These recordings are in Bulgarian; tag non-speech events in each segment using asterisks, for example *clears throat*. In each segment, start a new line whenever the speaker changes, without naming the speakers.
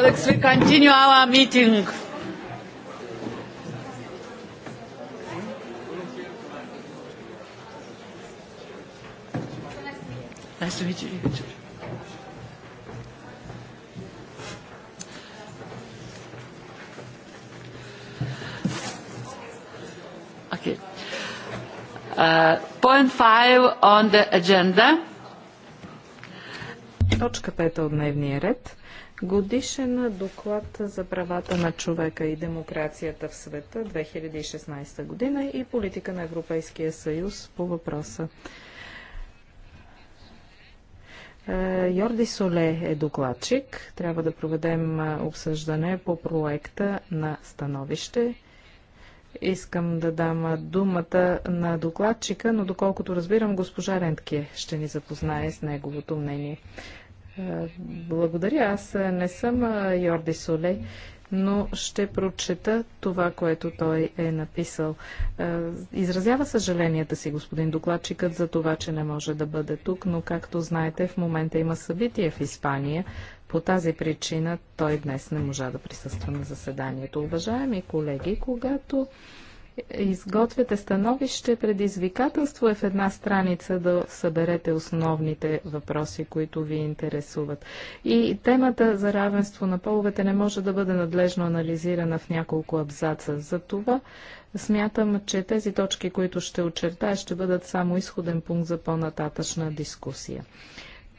Colleagues, we continue our meeting.
Nice to meet you. Okay. Uh, point five on the agenda.
Точка 5 от дневния ред Годишен доклад за правата на човека и демокрацията в света 2016 година и политика на Европейския съюз по въпроса. Е, Йорди Соле е докладчик. Трябва да проведем е, обсъждане по проекта на становище. Искам да дам е, думата на докладчика, но доколкото разбирам, госпожа Рентке ще ни запознае с неговото мнение. Е, благодаря. Аз е, не съм е, Йорди Солей, но ще прочета това, което той е написал. Изразява съжаленията си господин докладчикът за това, че не може да бъде тук, но както знаете, в момента има събитие в Испания. По тази причина той днес не можа да присъства на заседанието. Уважаеми колеги, когато изготвяте становище, предизвикателство е в една страница да съберете основните въпроси, които ви интересуват. И темата за равенство на половете не може да бъде надлежно анализирана в няколко абзаца. Затова смятам, че тези точки, които ще очертая, ще бъдат само изходен пункт за по-нататъчна дискусия.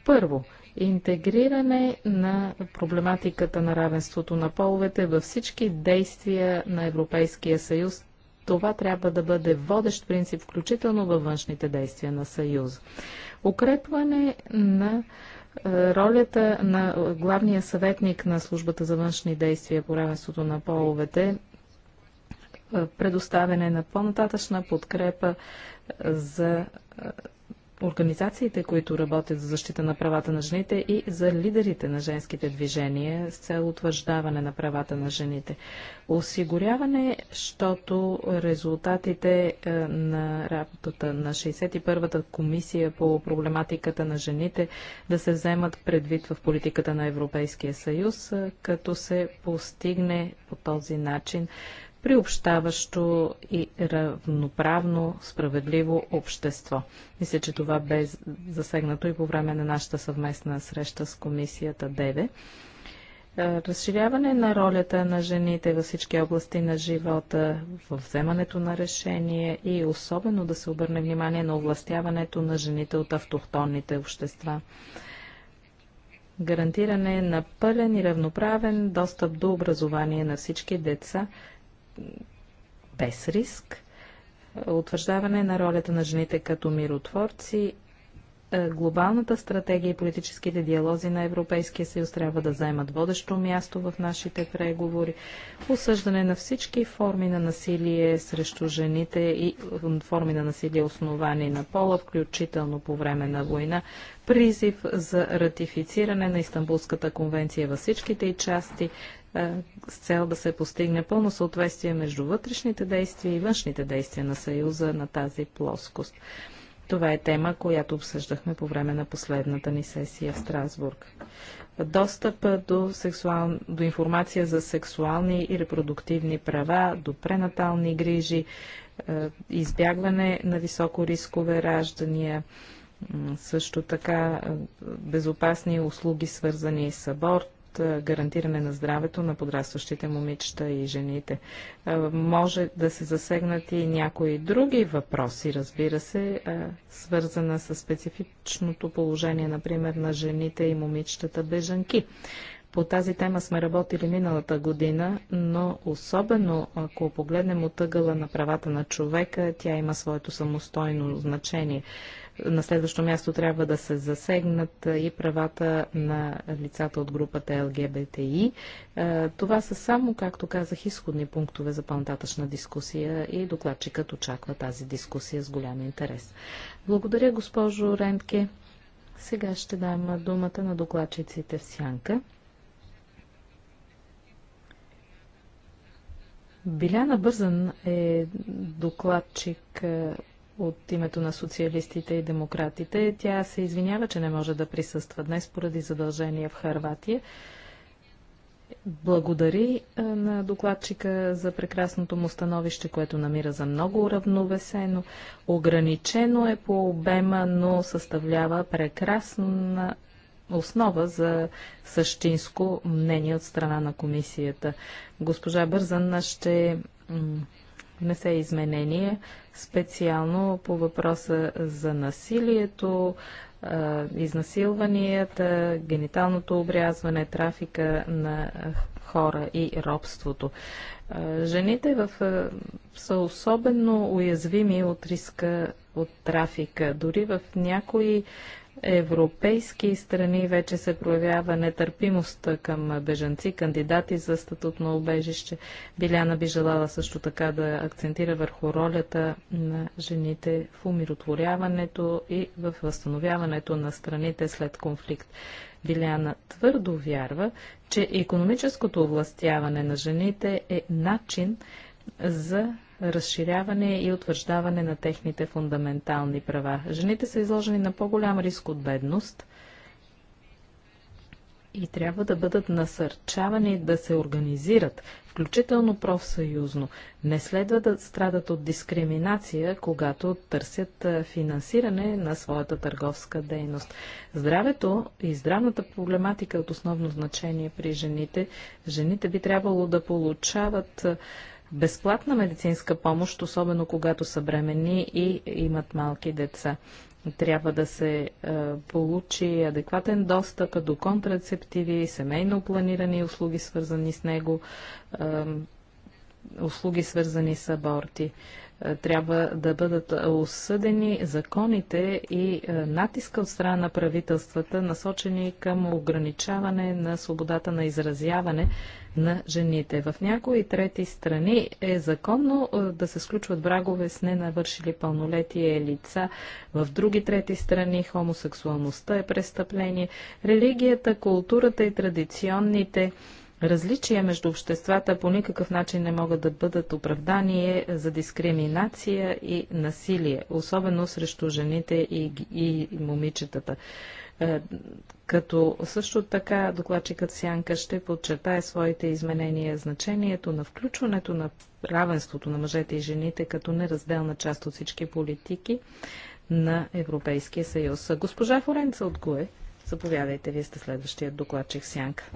Първо, интегриране на проблематиката на равенството на половете във всички действия на Европейския съюз това трябва да бъде водещ принцип, включително във външните действия на Съюз. Укрепване на е, ролята на главния съветник на службата за външни действия по равенството на половете е, предоставяне на по-нататъчна подкрепа за е, организациите, които работят за защита на правата на жените и за лидерите на женските движения с цел утвърждаване на правата на жените. Осигуряване, защото резултатите е, на работата на 61-та комисия по проблематиката на жените да се вземат предвид в политиката на Европейския съюз, е, като се постигне по този начин приобщаващо и равноправно справедливо общество. Мисля, че това бе засегнато и по време на нашата съвместна среща с комисията ДЕВЕ. Е, разширяване на ролята на жените във всички области на живота, в вземането на решение и особено да се обърне внимание на овластяването на жените от автохтонните общества гарантиране на пълен и равноправен достъп до образование на всички деца без риск, утвърждаване на ролята на жените като миротворци, е, глобалната стратегия и политическите диалози на Европейския съюз трябва да заемат водещо място в нашите преговори, осъждане на всички форми на насилие срещу жените и форми на насилие основани на пола, включително по време на война, призив за ратифициране на Истанбулската конвенция във всичките й части, е, с цел да се постигне пълно съответствие между вътрешните действия и външните действия на Съюза на тази плоскост. Това е тема, която обсъждахме по време на последната ни сесия в Страсбург. Достъп до, сексуал... до информация за сексуални и репродуктивни права, до пренатални грижи, е, избягване на високо рискове раждания, също така е, безопасни услуги, свързани с аборт, гарантиране на здравето на подрастващите момичета и жените. Може да се засегнат и някои други въпроси, разбира се, свързана с специфичното положение, например, на жените и момичетата бежанки. По тази тема сме работили миналата година, но особено ако погледнем отъгъла на правата на човека, тя има своето самостойно значение. На следващо място трябва да се засегнат и правата на лицата от групата ЛГБТИ. Това са само, както казах, изходни пунктове за пълнататъчна дискусия и докладчикът очаква тази дискусия с голям интерес. Благодаря, госпожо Рентке. Сега ще дам думата на докладчиците в сянка. Биляна Бързан е докладчик от името на социалистите и демократите. Тя се извинява, че не може да присъства днес поради задължения в Харватия. Благодари на докладчика за прекрасното му становище, което намира за много уравновесено. Ограничено е по обема, но съставлява прекрасна основа за същинско мнение от страна на комисията. Госпожа Бързан ще внесе изменение специално по въпроса за насилието, изнасилванията, гениталното обрязване, трафика на хора и робството. Жените в, са особено уязвими от риска от трафика. Дори в някои европейски страни вече се проявява нетърпимост към бежанци, кандидати за статут на убежище. Биляна би желала също така да акцентира върху ролята на жените в умиротворяването и в възстановяването на страните след конфликт. Биляна твърдо вярва, че економическото овластяване на жените е начин за разширяване и утвърждаване на техните фундаментални права. Жените са изложени на по-голям риск от бедност и трябва да бъдат насърчавани да се организират, включително профсъюзно. Не следва да страдат от дискриминация, когато търсят финансиране на своята търговска дейност. Здравето и здравната проблематика е от основно значение при жените. Жените би трябвало да получават безплатна медицинска помощ, особено когато са бременни и имат малки деца. Трябва да се е, получи адекватен достъп до контрацептиви, семейно планирани услуги, свързани с него, е, услуги, свързани с аборти е, трябва да бъдат осъдени законите и е, натиска от страна на правителствата, насочени към ограничаване на свободата на изразяване на жените. В някои трети страни е законно е, да се сключват брагове с ненавършили пълнолетие лица. В други трети страни хомосексуалността е престъпление. Религията, културата и традиционните Различия между обществата по никакъв начин не могат да бъдат оправдание за дискриминация и насилие, особено срещу жените и, и момичетата. Е, като също така докладчикът Сянка ще подчертае своите изменения значението на включването на равенството на мъжете и жените като неразделна част от всички политики на Европейския съюз. Госпожа Форенца от ГУЕ, заповядайте, вие сте следващия докладчик Сянка.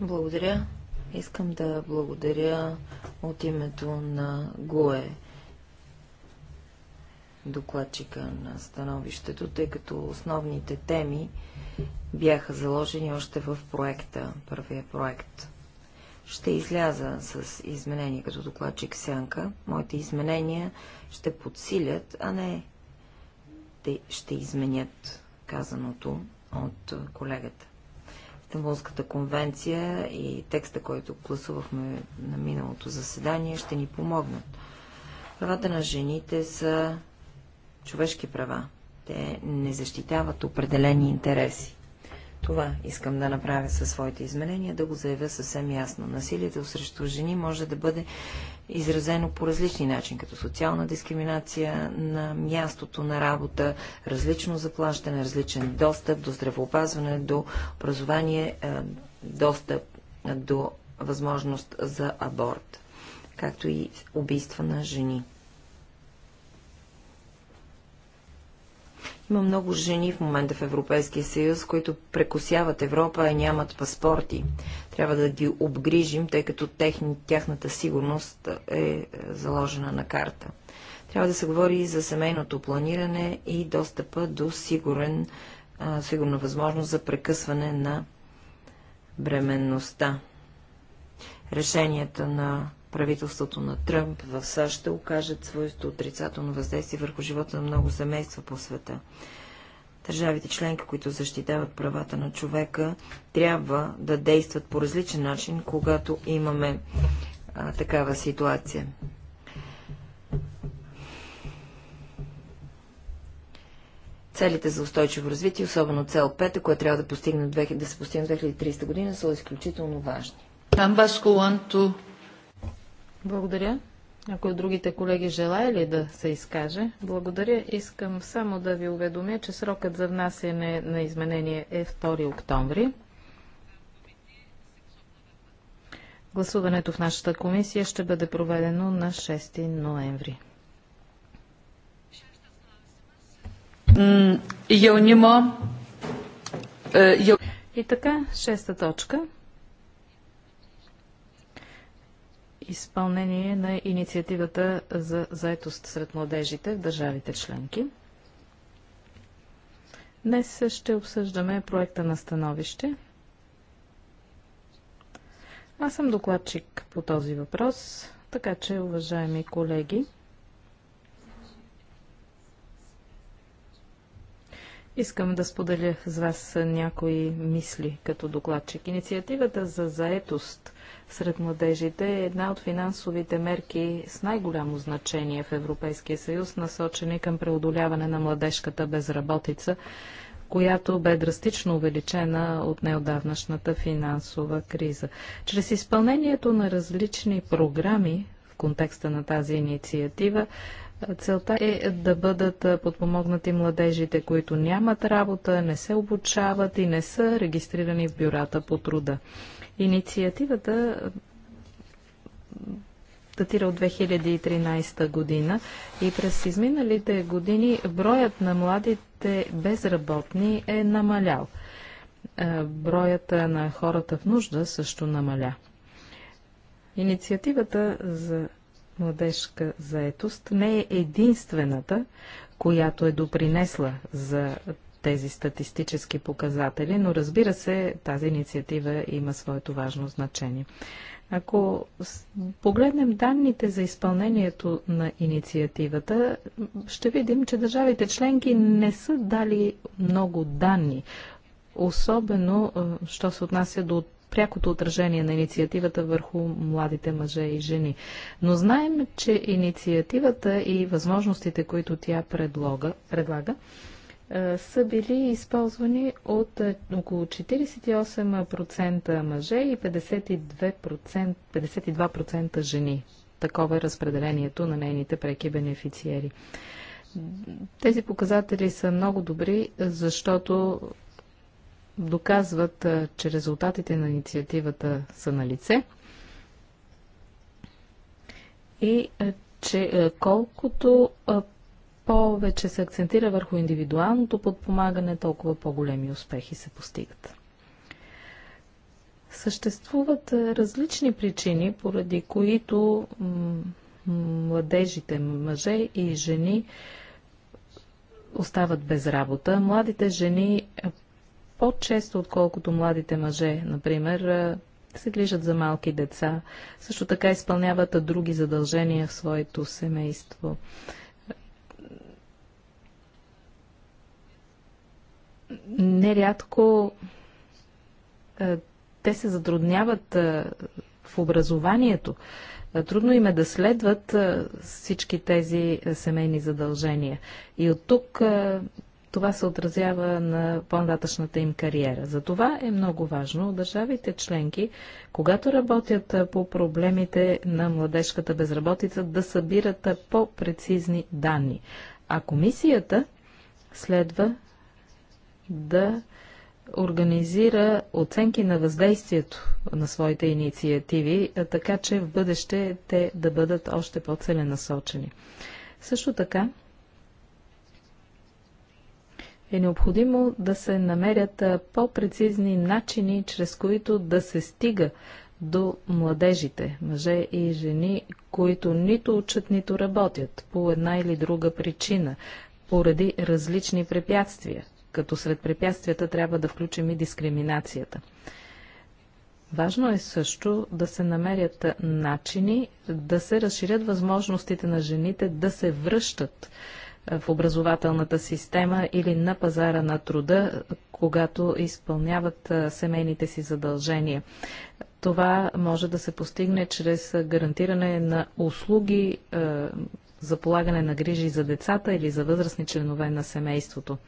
Благодаря. Искам да благодаря от името на ГУЕ докладчика на становището, тъй като основните теми бяха заложени още в проекта, първия проект. Ще изляза с изменения като докладчик Сянка. Моите изменения ще подсилят, а не те ще изменят казаното от колегата. Стамбулската конвенция и текста, който гласувахме на миналото заседание, ще ни помогнат. Правата на жените са човешки права. Те не защитават определени интереси. Това искам да направя със своите изменения, да го заявя съвсем ясно. Насилието срещу жени може да бъде изразено по различни начин, като социална дискриминация на мястото на работа, различно заплащане, различен достъп до здравеопазване, до образование, е, достъп до възможност за аборт, както и убийства на жени. Има много жени в момента в Европейския съюз, които прекосяват Европа и нямат паспорти. Трябва да ги обгрижим, тъй като техни, тяхната сигурност е, е заложена на карта. Трябва да се говори и за семейното планиране и достъпа до сигурен, а, сигурна възможност за прекъсване на бременността. Решенията на правителството на Тръмп в САЩ ще окажат своето отрицателно въздействие върху живота на много семейства по света. Държавите членки, които защитават правата на човека, трябва да действат по различен начин, когато имаме а, такава ситуация. Целите за устойчиво развитие, особено цел 5, която трябва да, постигне, да се постигне 2030 година, са изключително важни.
Благодаря. Ако от другите колеги желая ли да се изкаже? Благодаря. Искам само да ви уведомя, че срокът за внасяне на изменение е 2 октомври. Гласуването в нашата комисия ще бъде проведено на 6 ноември. Е, И така, шеста точка – изпълнение на инициативата за заетост сред младежите в държавите членки. Днес ще обсъждаме проекта на становище. Аз съм докладчик по този въпрос, така че, уважаеми колеги, Искам да споделя с вас някои мисли като докладчик. Инициативата за заетост сред младежите е една от финансовите мерки с най-голямо значение в Европейския съюз, насочени към преодоляване на младежката безработица, която бе драстично увеличена от неодавнашната финансова криза. Чрез изпълнението на различни програми в контекста на тази инициатива, Целта е да бъдат подпомогнати младежите, които нямат работа, не се обучават и не са регистрирани в бюрата по труда. Инициативата датира от 2013 година и през изминалите години броят на младите безработни е намалял. Е, броят на хората в нужда също намаля. Инициативата за младежка заетост не е единствената, която е допринесла за тези статистически показатели, но разбира се, тази инициатива има своето важно значение. Ако погледнем данните за изпълнението на инициативата, ще видим, че държавите членки не са дали много данни, особено що се отнася до прякото отражение на инициативата върху младите мъже и жени. Но знаем, че инициативата и възможностите, които тя предлога, предлага, са били използвани от около 48% мъже и 52%, 52% жени. Такова е разпределението на нейните преки бенефициери. Тези показатели са много добри, защото доказват, че резултатите на инициативата са на лице и че колкото повече се акцентира върху индивидуалното подпомагане, толкова по-големи успехи се постигат. Съществуват различни причини, поради които младежите мъже и жени остават без работа. Младите жени по-често, отколкото младите мъже, например, се грижат за малки деца, също така изпълняват други задължения в своето семейство. Нерядко те се затрудняват в образованието. Трудно им е да следват всички тези семейни задължения. И от тук това се отразява на по-нататъчната им кариера. За това е много важно държавите членки, когато работят по проблемите на младежката безработица, да събират по-прецизни данни. А комисията следва да организира оценки на въздействието на своите инициативи, така че в бъдеще те да бъдат още по-целенасочени. Също така, е необходимо да се намерят по-прецизни начини, чрез които да се стига до младежите, мъже и жени, които нито учат, нито работят по една или друга причина, поради различни препятствия, като сред препятствията трябва да включим и дискриминацията. Важно е също да се намерят начини да се разширят възможностите на жените да се връщат в образователната система или на пазара на труда, когато изпълняват семейните си задължения. Това може да се постигне чрез гарантиране на услуги за полагане на грижи за децата или за възрастни членове на семейството.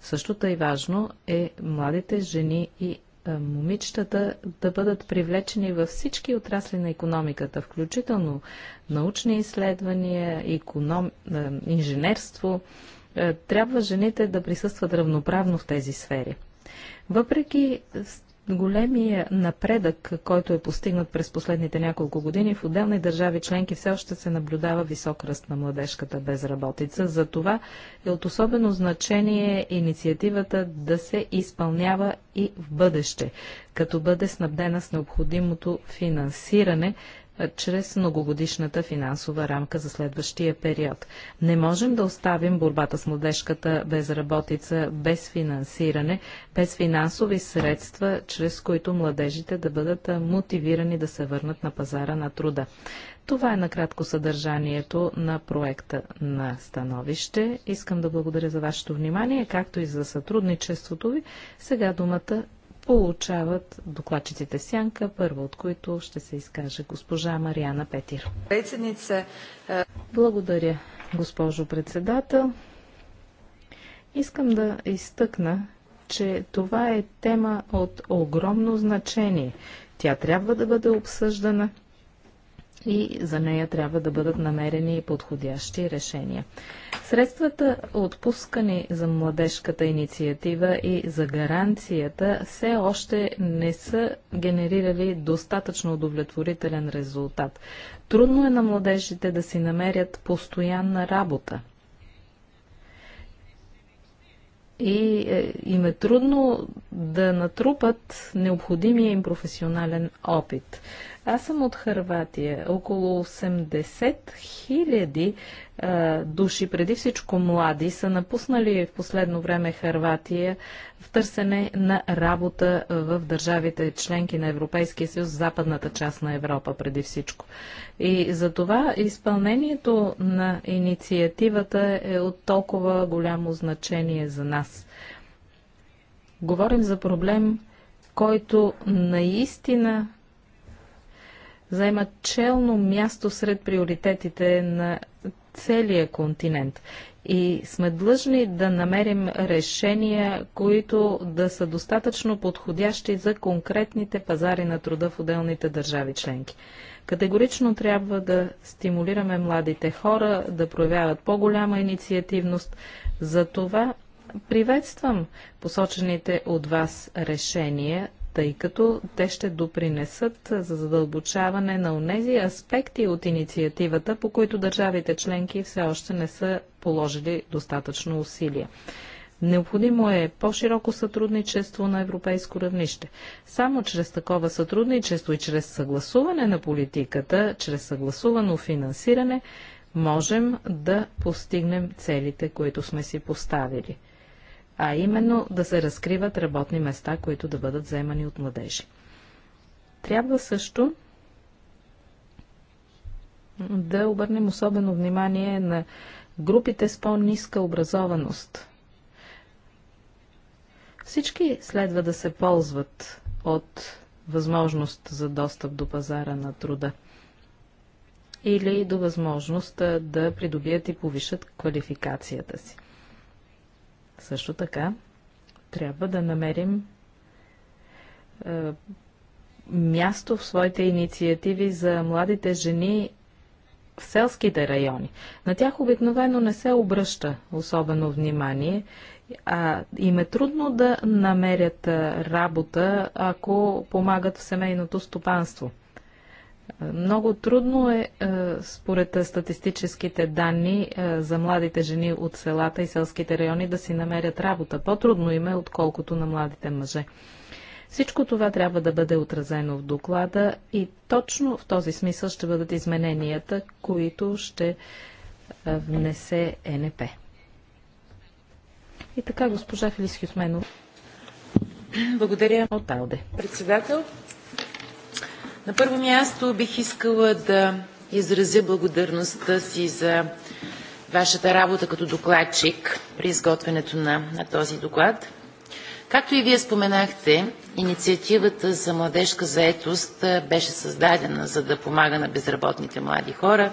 Същото е и важно е младите жени и момичетата да бъдат привлечени във всички отрасли на економиката, включително научни изследвания, економ... инженерство. Трябва жените да присъстват равноправно в тези сфери. Въпреки Големия напредък, който е постигнат през последните няколко години в отделни държави членки, все още се наблюдава висок ръст на младежката безработица. За това е от особено значение инициативата да се изпълнява и в бъдеще, като бъде снабдена с необходимото финансиране, чрез многогодишната финансова рамка за следващия период. Не можем да оставим борбата с младежката безработица без финансиране, без финансови средства, чрез които младежите да бъдат мотивирани да се върнат на пазара на труда. Това е накратко съдържанието на проекта на становище. Искам да благодаря за вашето внимание, както и за сътрудничеството ви. Сега думата получават докладчиците Сянка, първо от които ще се изкаже госпожа Мариана Петир. Председница. Е, Благодаря, госпожо председател. Искам да изтъкна, че това е тема от огромно значение. Тя трябва да бъде обсъждана – и за нея трябва да бъдат намерени подходящи решения. Средствата, отпускани за младежката инициатива и за гаранцията, все още не са генерирали достатъчно удовлетворителен резултат. Трудно е на младежите да си намерят постоянна работа. И е, им е трудно да натрупат необходимия им професионален опит. Аз съм от Харватия. Около 80 хиляди души, преди всичко млади, са напуснали в последно време Харватия в търсене на работа в държавите членки на Европейския съюз, западната част на Европа преди всичко. И за това изпълнението на инициативата е от толкова голямо значение за нас. Говорим за проблем, който наистина заемат челно място сред приоритетите на целия континент. И сме длъжни да намерим решения, които да са достатъчно подходящи за конкретните пазари на труда в отделните държави членки. Категорично трябва да стимулираме младите хора да проявяват по-голяма инициативност. За това приветствам посочените от вас решения тъй като те ще допринесат за задълбочаване на онези аспекти от инициативата, по които държавите членки все още не са положили достатъчно усилия. Необходимо е по-широко сътрудничество на европейско равнище. Само чрез такова сътрудничество и чрез съгласуване на политиката, чрез съгласувано финансиране, можем да постигнем целите, които сме си поставили а именно да се разкриват работни места, които да бъдат вземани от младежи. Трябва също да обърнем особено внимание на групите с по-ниска образованост. Всички следва да се ползват от възможност за достъп до пазара на труда или до възможност да придобият и повишат квалификацията си. Също така, трябва да намерим е, място в своите инициативи за младите жени в селските райони. На тях обикновено не се обръща особено внимание, а им е трудно да намерят е, работа, ако помагат в семейното стопанство. Много трудно е, е, според статистическите данни, е, за младите жени от селата и селските райони да си намерят работа. По-трудно им е, отколкото на младите мъже. Всичко това трябва да бъде отразено в доклада и точно в този смисъл ще бъдат измененията, които ще е, внесе НП. И така, госпожа Филис Хюсменов.
Благодаря. От Алде. Председател, на първо място бих искала да изразя благодарността си за вашата работа като докладчик при изготвянето на, на този доклад. Както и вие споменахте, инициативата за младежка заетост беше създадена за да помага на безработните млади хора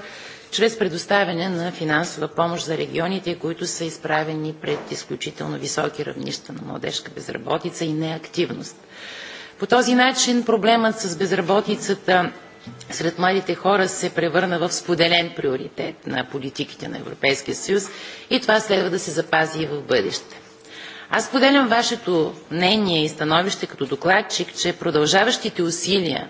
чрез предоставяне на финансова помощ за регионите, които са изправени пред изключително високи равнища на младежка безработица и неактивност. По този начин проблемът с безработицата сред младите хора се превърна в споделен приоритет на политиките на Европейския съюз и това следва да се запази и в бъдеще. Аз поделям вашето мнение и становище като докладчик, че продължаващите усилия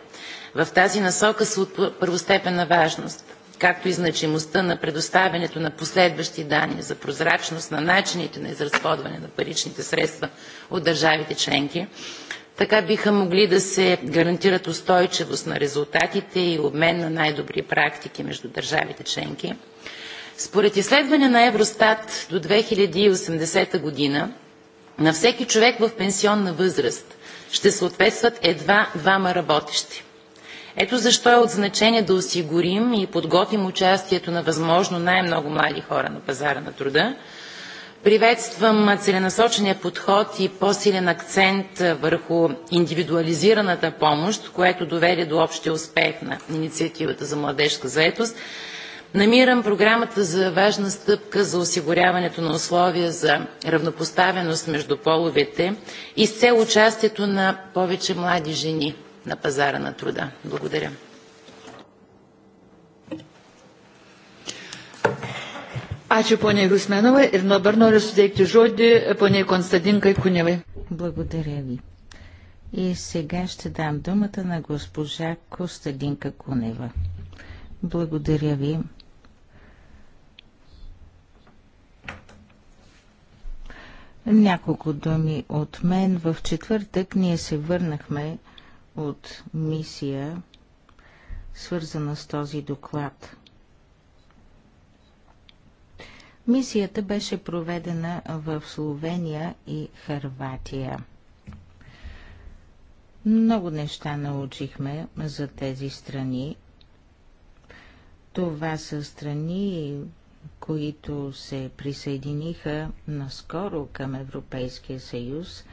в тази насока са от първостепенна важност, както и значимостта на предоставянето на последващи данни за прозрачност на начините на изразходване на паричните средства от държавите членки, така биха могли да се гарантират устойчивост на резултатите и обмен на най-добри практики между държавите членки. Според изследване на Евростат до 2080 година на всеки човек в пенсионна възраст ще съответстват едва двама работещи. Ето защо е от значение да осигурим и подготвим участието на възможно най-много млади хора на пазара на труда, Приветствам целенасочения подход и по-силен акцент върху индивидуализираната помощ, което доведе до общия успех на инициативата за младежка заетост. Намирам програмата за важна стъпка за осигуряването на условия за равнопоставеност между половете и с цел участието на повече млади жени на пазара на труда. Благодаря. Ačiū poniai Rusmenovai ir dabar noriu
suteikti žodį e, poniai Konstantinkai Куневой. Благодаря ви. И сега ще дам думата на госпожа Костадинка Кунева. Благодаря ви. Няколко думи от мен. В четвъртък ние се върнахме от мисия, свързана с този доклад. Мисията беше проведена в Словения и Харватия. Много неща научихме за тези страни. Това са страни, които се присъединиха наскоро към Европейския съюз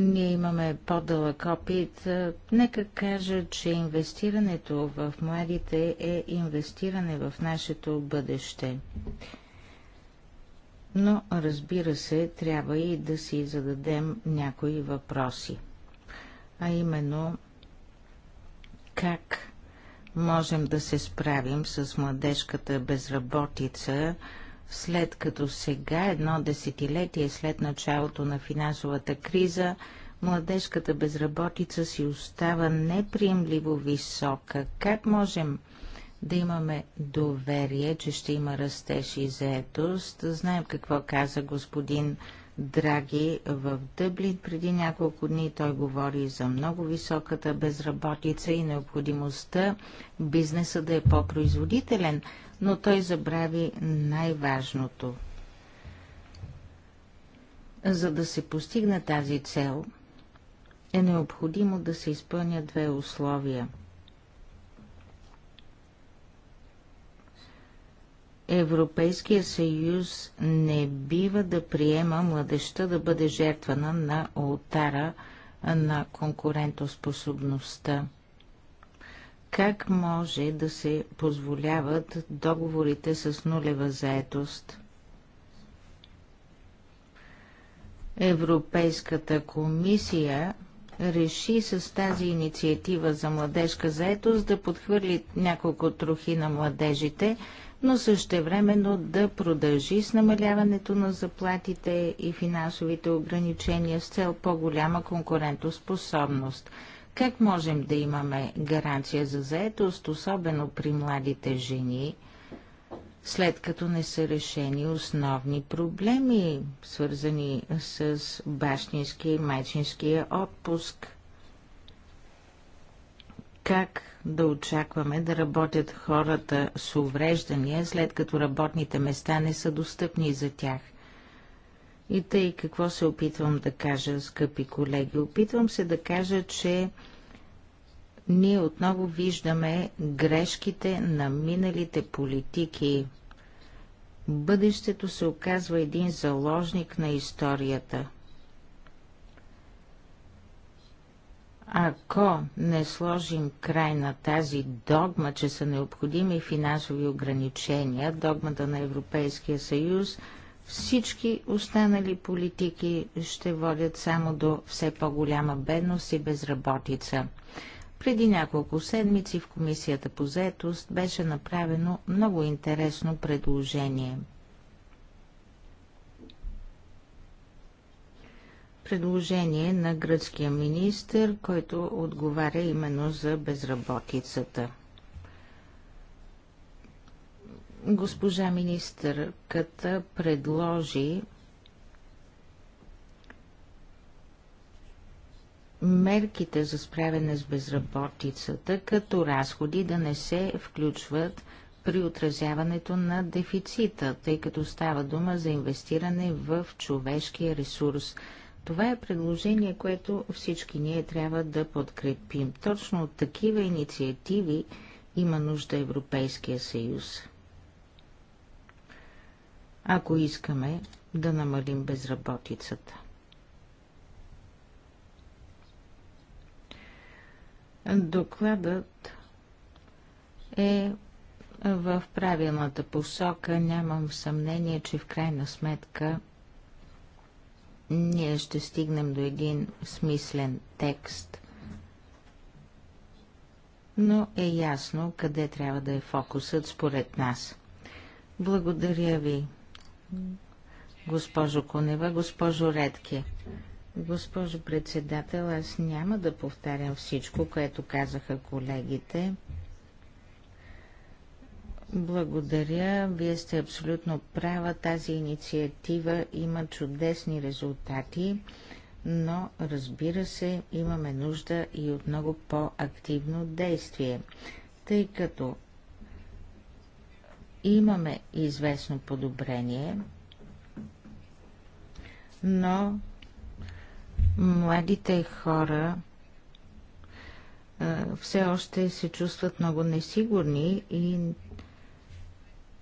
ние имаме по-дълъг опит. Е, нека кажа, че инвестирането в младите е инвестиране в нашето бъдеще. Но, разбира се, трябва и да си зададем някои въпроси. А именно, как можем да се справим с младежката безработица – след като сега, едно десетилетие след началото на финансовата криза, младежката безработица си остава неприемливо висока. Как можем да имаме доверие, че ще има растеж и заетост? Знаем какво каза господин Драги в Дъблин преди няколко дни. Той говори за много високата безработица и необходимостта бизнеса да е по-производителен но той забрави най-важното. За да се постигне тази цел, е необходимо да се изпълня две условия. Европейския съюз не бива да приема младеща да бъде жертвана на ултара на конкурентоспособността. Как може да се позволяват договорите с нулева заетост? Европейската комисия реши с тази инициатива за младежка заетост да подхвърли няколко трохи на младежите, но същевременно да продължи с намаляването на заплатите и финансовите ограничения с цел по-голяма конкурентоспособност – как можем да имаме гаранция за заетост, особено при младите жени, след като не са решени основни проблеми, свързани с бащинския и майчинския отпуск? Как да очакваме да работят хората с увреждания, след като работните места не са достъпни за тях – и тъй какво се опитвам да кажа, скъпи колеги? Опитвам се да кажа, че ние отново виждаме грешките на миналите политики. Бъдещето се оказва един заложник на историята. Ако не сложим край на тази догма, че са необходими финансови ограничения, догмата на Европейския съюз – всички останали политики ще водят само до все по-голяма бедност и безработица. Преди няколко седмици в Комисията по заетост беше направено много интересно предложение. Предложение на гръцкия министр, който отговаря именно за безработицата – Госпожа министърката предложи мерките за справяне с безработицата като разходи да не се включват при отразяването на дефицита, тъй като става дума за инвестиране в човешкия ресурс. Това е предложение, което всички ние трябва да подкрепим. Точно от такива инициативи има нужда Европейския съюз ако искаме да намалим безработицата. Докладът е в правилната посока. Нямам съмнение, че в крайна сметка ние ще стигнем до един смислен текст, но е ясно къде трябва да е фокусът според нас. Благодаря ви госпожо Конева, госпожо Редки. Госпожо председател, аз няма да повтарям всичко, което казаха колегите. Благодаря. Вие сте абсолютно права. Тази инициатива има чудесни резултати, но разбира се, имаме нужда и от много по-активно действие, тъй като имаме известно подобрение, но младите хора все още се чувстват много несигурни и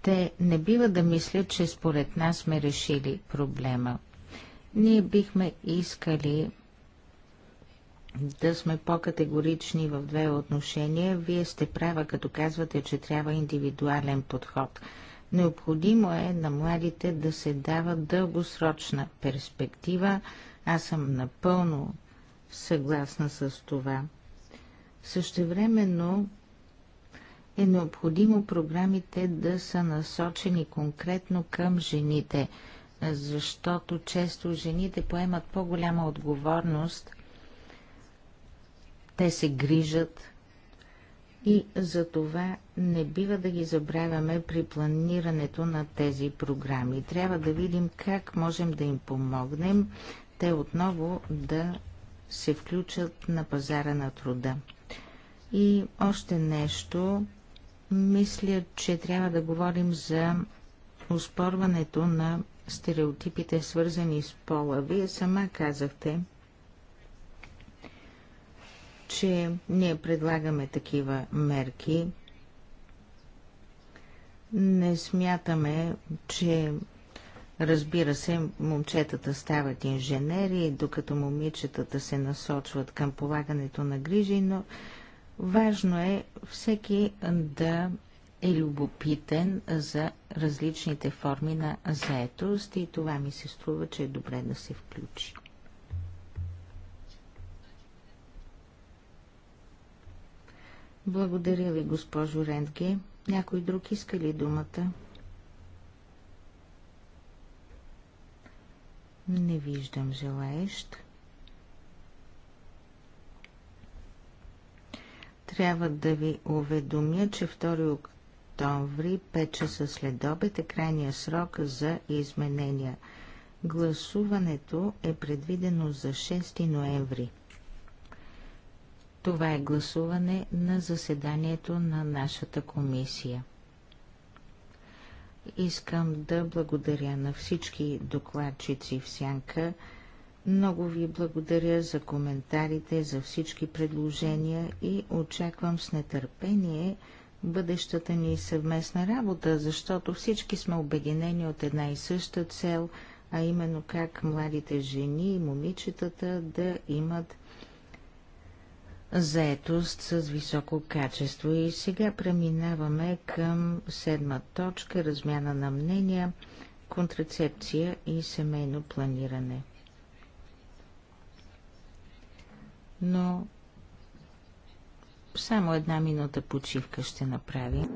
те не бива да мислят, че според нас сме решили проблема. Ние бихме искали да сме по-категорични в две отношения. Вие сте права, като казвате, че трябва индивидуален подход. Необходимо е на младите да се дава дългосрочна перспектива. Аз съм напълно съгласна с това. Същевременно е необходимо програмите да са насочени конкретно към жените, защото често жените поемат по-голяма отговорност те се грижат и за това не бива да ги забравяме при планирането на тези програми. Трябва да видим как можем да им помогнем те отново да се включат на пазара на труда. И още нещо, мисля, че трябва да говорим за успорването на стереотипите, свързани с пола. Вие сама казахте, че ние предлагаме такива мерки. Не смятаме, че разбира се, момчетата стават инженери, докато момичетата се насочват към полагането на грижи, но важно е всеки да е любопитен за различните форми на заетост и това ми се струва, че е добре да се включи. Благодаря ви, госпожо Рентке. Някой друг иска ли думата? Не виждам желаещ. Трябва да ви уведомя, че 2 октомври, 5 часа след обед е крайния срок за изменения. Гласуването е предвидено за 6 ноември. Това е гласуване на заседанието на нашата комисия. Искам да благодаря на всички докладчици в Сянка. Много ви благодаря за коментарите, за всички предложения и очаквам с нетърпение бъдещата ни съвместна работа, защото всички сме обединени от една и съща цел, а именно как младите жени и момичетата да имат заетост с високо качество. И сега преминаваме към седма точка – размяна на мнения, контрацепция и семейно планиране. Но само една минута почивка ще направим.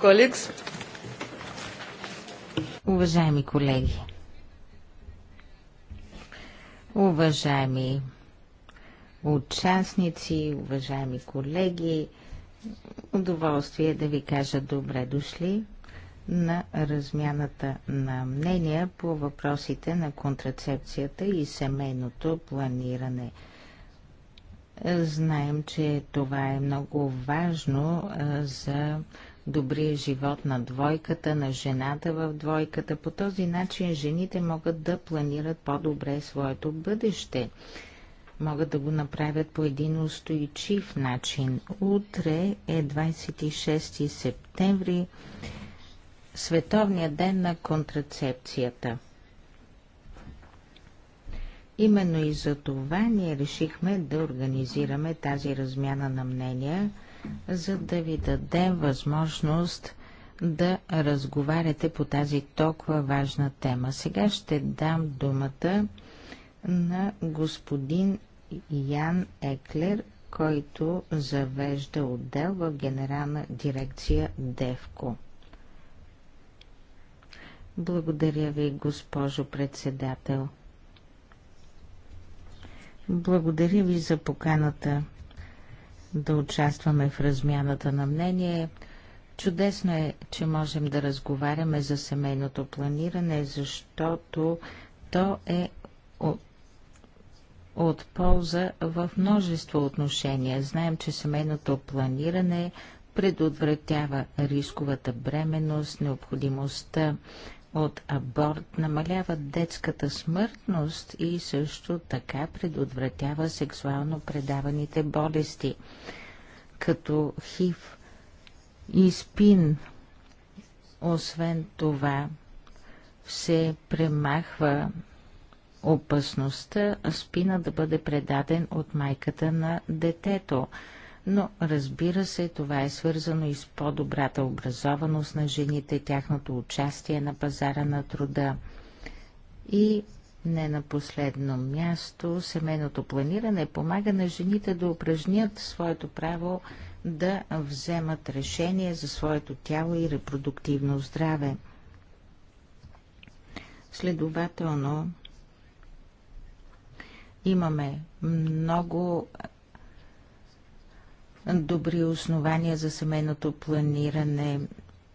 Колекс. Уважаеми колеги, уважаеми участници, уважаеми колеги, удоволствие да ви кажа добре дошли на размяната на мнения по въпросите на контрацепцията и семейното планиране. Знаем, че това е много важно за добрия живот на двойката, на жената в двойката. По този начин жените могат да планират по-добре своето бъдеще. Могат да го направят по един устойчив начин. Утре е 26 септември, световният ден на контрацепцията. Именно и за това ние решихме да организираме тази размяна на мнения – за да ви даде възможност да разговаряте по тази толкова важна тема. Сега ще дам думата на господин Ян Еклер, който завежда отдел в Генерална дирекция ДЕВКО. Благодаря ви, госпожо председател. Благодаря ви за поканата да участваме в размяната на мнение. Чудесно е, че можем да разговаряме за семейното планиране, защото то е от полза в множество отношения. Знаем, че семейното планиране предотвратява рисковата бременност, необходимостта от аборт намалява детската смъртност и също така предотвратява сексуално предаваните болести, като хив и спин. Освен това, се премахва опасността спина да бъде предаден от майката на детето но разбира се, това е свързано и с по-добрата образованост на жените, тяхното участие на пазара на труда и не на последно място, семейното планиране помага на жените да упражнят своето право да вземат решение за своето тяло и репродуктивно здраве. Следователно, имаме много добри основания за семейното планиране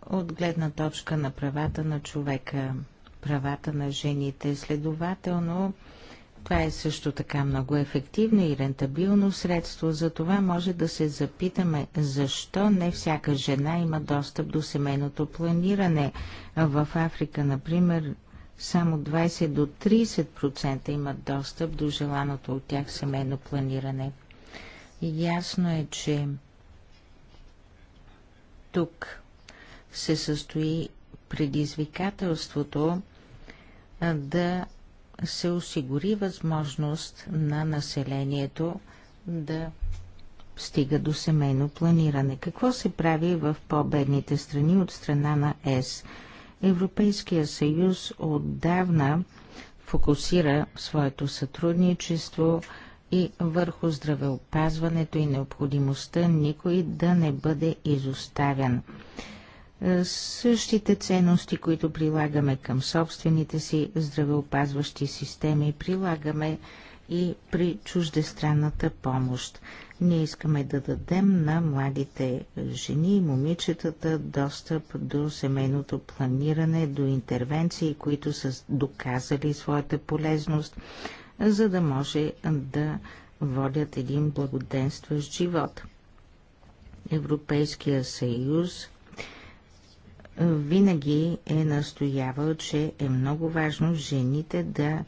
от гледна точка на правата на човека, правата на жените. Следователно, това е също така много ефективно и рентабилно средство, за това може да се запитаме защо не всяка жена има достъп до семейното планиране. В Африка, например, само 20 до 30% имат достъп до желаното от тях семейно планиране. Ясно е, че тук се състои предизвикателството да се осигури възможност на населението да стига до семейно планиране. Какво се прави в по-бедните страни от страна на ЕС? Европейския съюз отдавна фокусира своето сътрудничество и върху здравеопазването и необходимостта никой да не бъде изоставен. Е, същите ценности, които прилагаме към собствените си здравеопазващи системи, прилагаме и при чуждестранната помощ. Ние искаме да дадем на младите жени и момичетата достъп до семейното планиране, до интервенции, които са доказали своята полезност, за да може да водят един благоденстващ живот. Европейския съюз винаги е настоявал, че е много важно жените да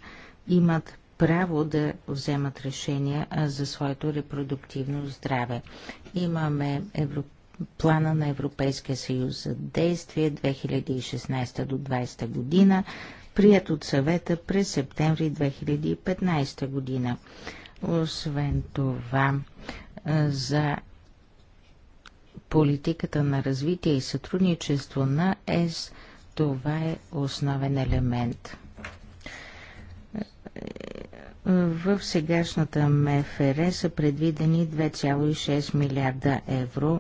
имат право да вземат решения за своето репродуктивно здраве. Имаме Евро... плана на Европейския съюз за действие 2016 до 2020 година прият от съвета през септември 2015 година. Освен това, за политиката на развитие и сътрудничество на ЕС, това е основен елемент. В сегашната МФР са предвидени 2,6 милиарда евро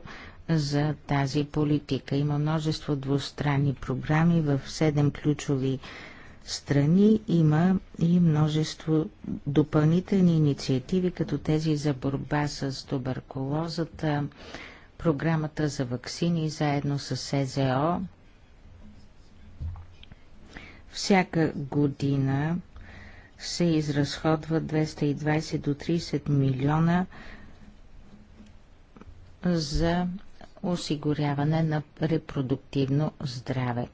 за тази политика. Има множество двустранни програми в 7 ключови страни има и множество допълнителни инициативи, като тези за борба с туберкулозата, програмата за вакцини заедно с СЗО. Всяка година се изразходват 220 до 30 милиона за осигуряване на репродуктивно здраве.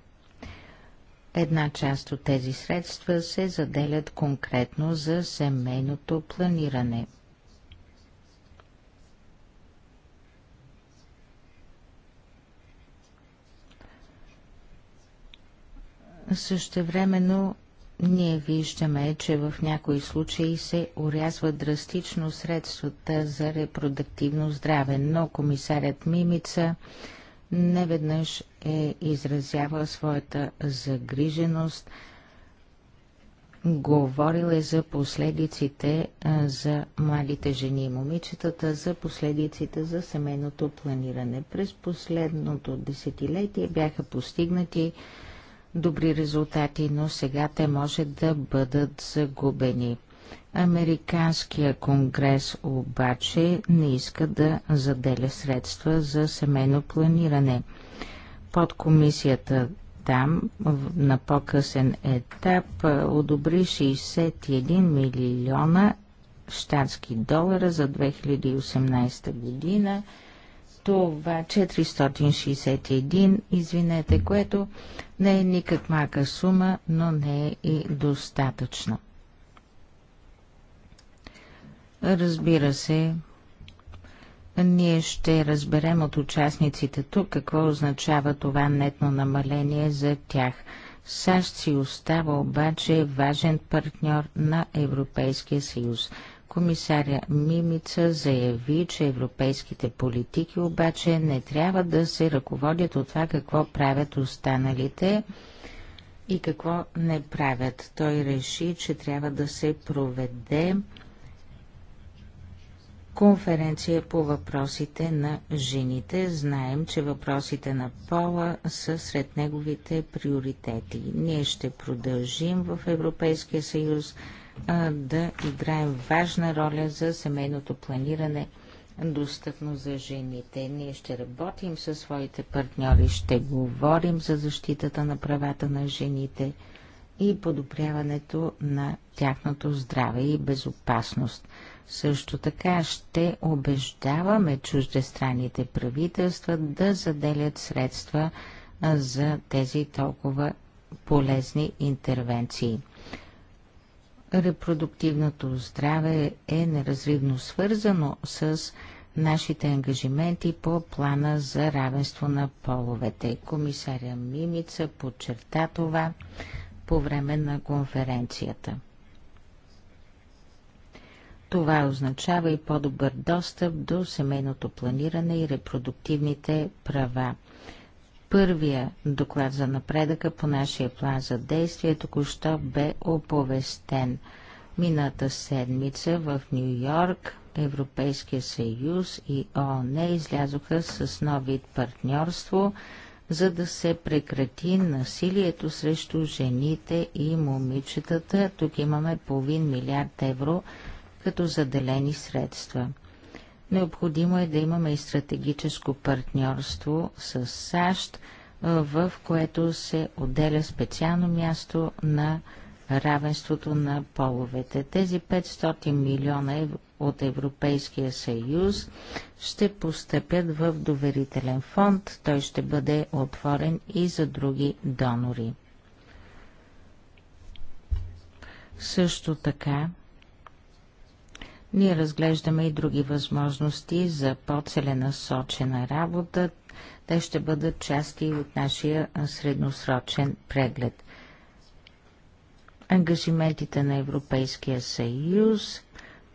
Една част от тези средства се заделят конкретно за семейното планиране. Същевременно ние виждаме, че в някои случаи се урязва драстично средствата за репродуктивно здраве, но комисарят Мимица неведнъж е изразявал своята загриженост, говорил е за последиците за младите жени и момичетата, за последиците за семейното планиране. През последното десетилетие бяха постигнати добри резултати, но сега те може да бъдат загубени. Американския конгрес обаче не иска да заделя средства за семейно планиране. Под комисията там на по-късен етап одобри 61 милиона щатски долара за 2018 година. Това 461, извинете, което не е никак мака сума, но не е и достатъчно. Разбира се, ние ще разберем от участниците тук какво означава това нетно намаление за тях. САЩ си остава обаче важен партньор на Европейския съюз. Комисаря Мимица заяви, че европейските политики обаче не трябва да се ръководят от това какво правят останалите и какво не правят. Той реши, че трябва да се проведе конференция по въпросите на жените. Знаем, че въпросите на пола са сред неговите приоритети. Ние ще продължим в Европейския съюз а, да играем важна роля за семейното планиране, достъпно за жените. Ние ще работим със своите партньори, ще говорим за защитата на правата на жените и подобряването на тяхното здраве и безопасност – също така ще убеждаваме чуждестранните правителства да заделят средства за тези толкова полезни интервенции. Репродуктивното здраве е неразривно свързано с нашите ангажименти по плана за равенство на половете. Комисаря Мимица подчерта това по време на конференцията. Това означава и по-добър достъп до семейното планиране и репродуктивните права. Първия доклад за напредъка по нашия план за действие току-що бе оповестен. Мината седмица в Нью Йорк Европейския съюз и ООН излязоха с нов вид партньорство, за да се прекрати насилието срещу жените и момичетата. Тук имаме половин милиард евро като заделени средства. Необходимо е да имаме и стратегическо партньорство с САЩ, в което се отделя специално място на равенството на половете. Тези 500 милиона от Европейския съюз ще постъпят в доверителен фонд. Той ще бъде отворен и за други донори. Също така ние разглеждаме и други възможности за по-целенасочена работа. Те ще бъдат части от нашия средносрочен преглед. Ангажиментите на Европейския съюз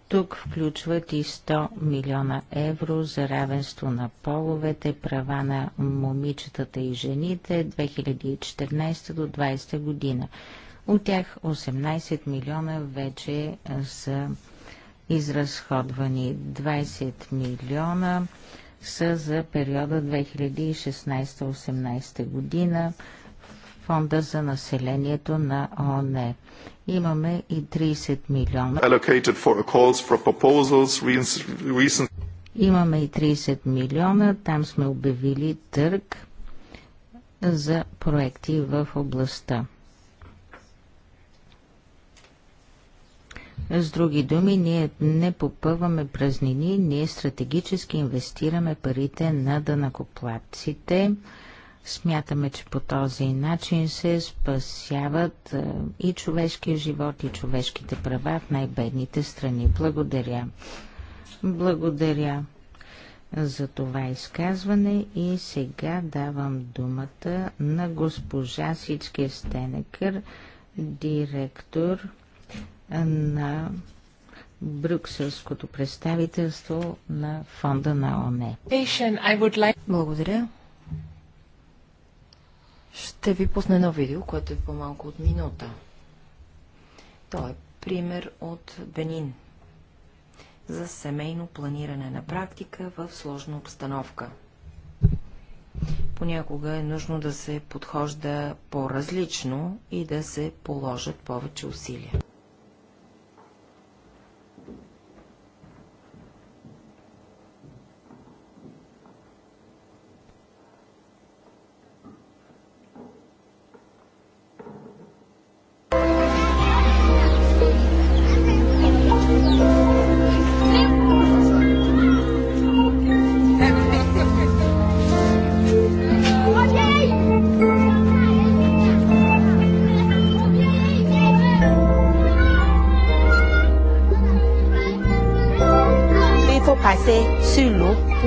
тук включват и 100 милиона евро за равенство на половете, права на момичетата и жените 2014 до 2020 година. От тях 18 милиона вече са изразходвани. 20 милиона са за периода 2016-18 година Фонда за населението на ООН. Имаме и 30 милиона. Имаме и 30 милиона. Там сме обявили търг за проекти в областта. С други думи, ние не попъваме празнини, ние стратегически инвестираме парите на дънакоплатците. Смятаме, че по този начин се спасяват е, и човешкия живот, и човешките права в най-бедните страни. Благодаря. Благодаря за това изказване и сега давам думата на госпожа Сичкев Стенекър, директор на Брюкселското представителство на фонда на ОНЕ.
Благодаря. Ще ви пусна едно видео, което е по-малко от минута. То е пример от Бенин за семейно планиране на практика в сложна обстановка. Понякога е нужно да се подхожда по-различно и да се положат повече усилия.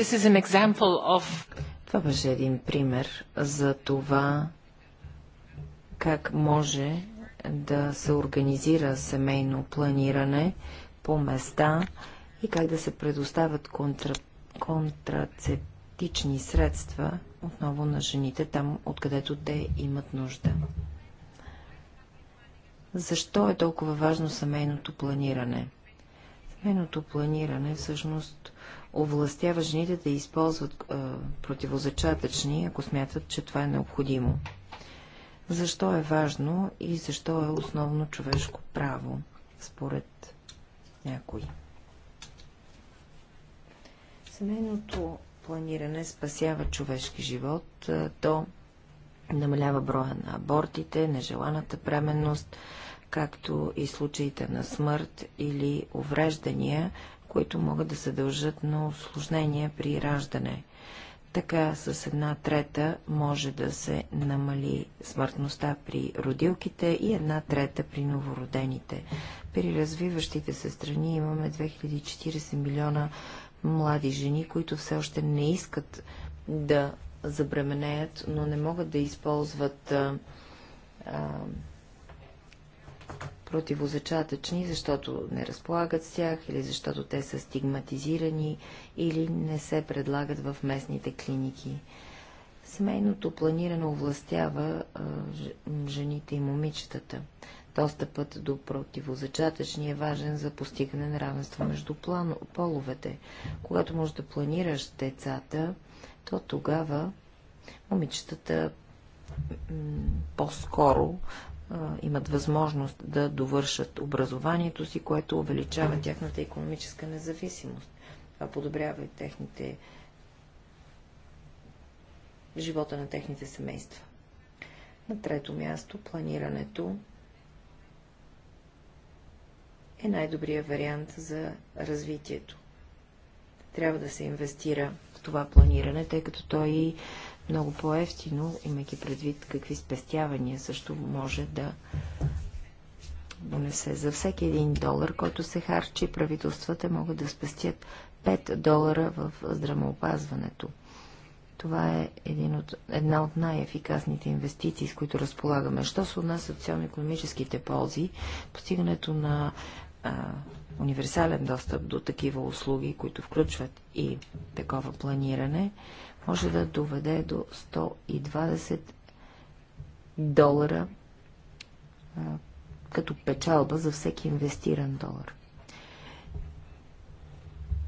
of...
Това беше един пример за това, как може да се организира семейно планиране по места и как да се предоставят контра... контрацептични средства отново на жените там, откъдето те имат нужда. Защо е толкова важно семейното планиране? Семейното планиране всъщност овластява жените да използват а, противозачатъчни, ако смятат, че това е необходимо. Защо е важно и защо е основно човешко право, според някои? Семейното планиране спасява човешки живот, то намалява броя на абортите, нежеланата бременност, както и случаите на смърт или увреждания, които могат да се дължат на осложнения при раждане. Така с една трета може да се намали смъртността при родилките и една трета при новородените. При развиващите се страни имаме 2040 милиона млади жени, които все още не искат да забременеят, но не могат да използват а, а, противозачатъчни, защото не разполагат с тях или защото те са стигматизирани или не се предлагат в местните клиники. Семейното планиране овластява жените и момичетата. Достъпът до противозачатъчни е важен за постигане на равенство между половете. Когато можеш да планираш децата, то тогава момичетата по-скоро имат възможност да довършат образованието си, което увеличава тяхната економическа независимост. Това подобрява и техните живота на техните семейства. На трето място планирането е най-добрият вариант за развитието. Трябва да се инвестира в това планиране, тъй като той е и много по-ефтино, имайки предвид какви спестявания също може да донесе. За всеки един долар, който се харчи, правителствата могат да спестят 5 долара в здравеопазването. Това е един от, една от най-ефикасните инвестиции, с които разполагаме. Що се отнася социално-економическите ползи, постигането на а, универсален достъп до такива услуги, които включват и такова планиране, може да доведе до 120 долара като печалба за всеки инвестиран долар.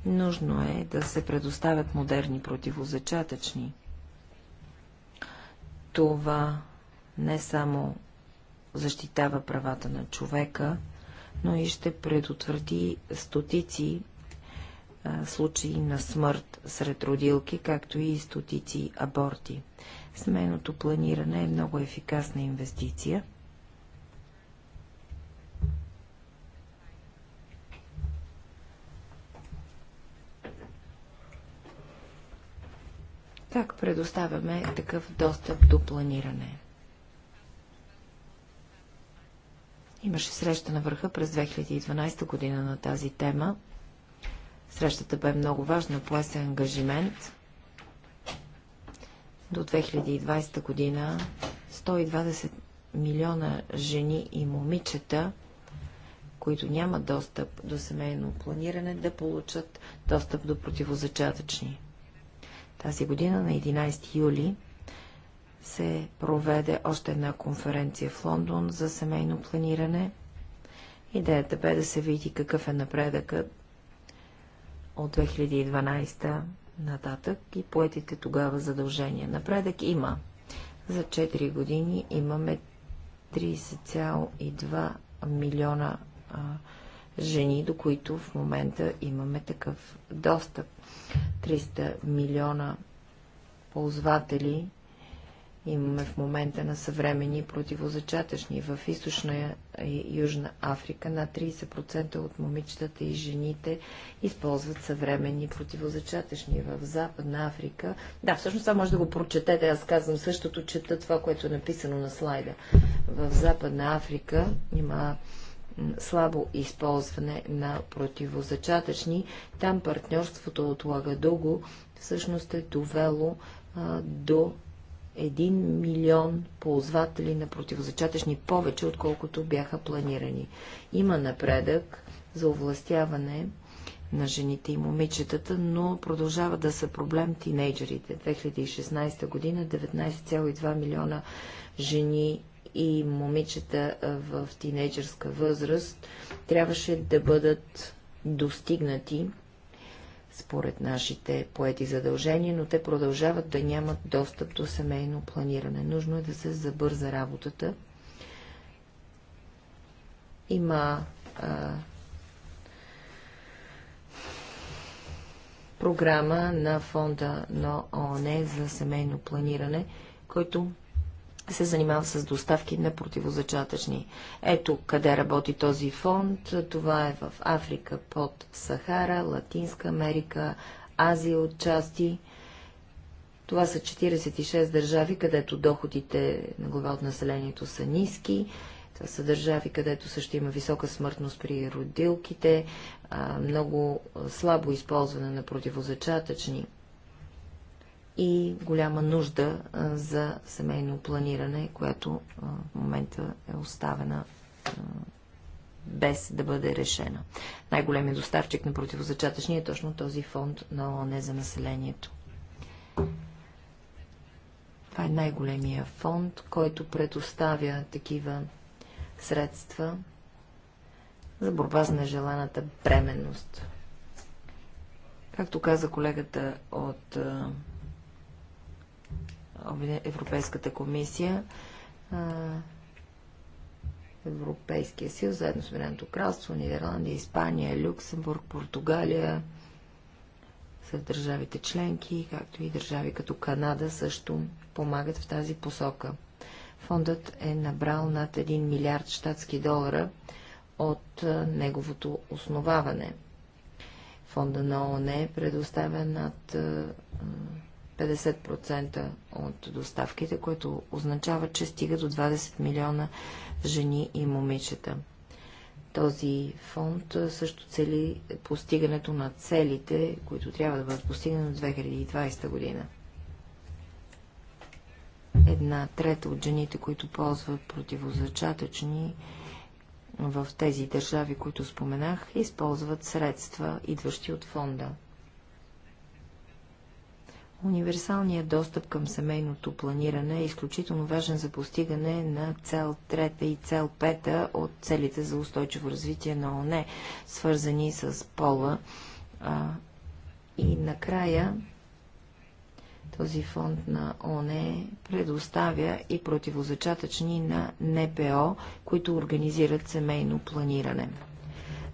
Нужно е да се предоставят модерни противозачатъчни. Това не само защитава правата на човека, но и ще предотврати стотици случаи на смърт сред родилки, както и стотици аборти. Семейното планиране е много ефикасна инвестиция. Как предоставяме такъв достъп до планиране? Имаше среща на върха през 2012 година на тази тема. Срещата бе много важна, пое се ангажимент до 2020 година 120 милиона жени и момичета, които нямат достъп до семейно планиране, да получат достъп до противозачатъчни. Тази година на 11 юли се проведе още една конференция в Лондон за семейно планиране. Идеята бе да се види какъв е напредъкът от 2012 нататък и поетите тогава задължения. Напредък има. За 4 години имаме 30,2 милиона а, жени, до които в момента имаме такъв достъп. 300 милиона ползватели имаме в момента на съвремени противозачатъчни. В източна и южна Африка на 30% от момичетата и жените използват съвремени противозачатъчни. В западна Африка, да, всъщност това може да го прочетете, аз казвам същото, чета това, което е написано на слайда. В западна Африка има слабо използване на противозачатъчни. Там партньорството от Лагадуго всъщност е довело а, до 1 милион ползватели на противозачатъчни повече, отколкото бяха планирани. Има напредък за овластяване на жените и момичетата, но продължава да са проблем тинейджерите. 2016 година 19,2 милиона жени и момичета в тинейджерска възраст трябваше да бъдат достигнати според нашите поети задължения, но те продължават да нямат достъп до семейно планиране. Нужно е да се забърза работата. Има а, програма на фонда на ООН за семейно планиране, който се занимава с доставки на противозачатъчни. Ето къде работи този фонд. Това е в Африка под Сахара, Латинска Америка, Азия от части. Това са 46 държави, където доходите на глава от населението са ниски. Това са държави, където също има висока смъртност при родилките, много слабо използване на противозачатъчни и голяма нужда за семейно планиране, която в момента е оставена без да бъде решена. Най-големият доставчик на противозачатъчни е точно този фонд на ОНЕ за населението. Това е най-големия фонд, който предоставя такива средства за борба с нежеланата бременност. Както каза колегата от Европейската комисия, Европейския съюз, заедно с Обединеното кралство, Нидерландия, Испания, Люксембург, Португалия, са държавите членки, както и държави като Канада също помагат в тази посока. Фондът е набрал над 1 милиард щатски долара от неговото основаване. Фонда на ООН е предоставя над 50% от доставките, което означава, че стига до 20 милиона жени и момичета. Този фонд също цели постигането на целите, които трябва да бъдат постигнати до 2020 година. Една трета от жените, които ползват противозачатъчни в тези държави, които споменах, използват средства, идващи от фонда. Универсалният достъп към семейното планиране е изключително важен за постигане на цел трета и цел 5 от целите за устойчиво развитие на ОНЕ, свързани с пола. А, и накрая този фонд на ОНЕ предоставя и противозачатъчни на НПО, които организират семейно планиране.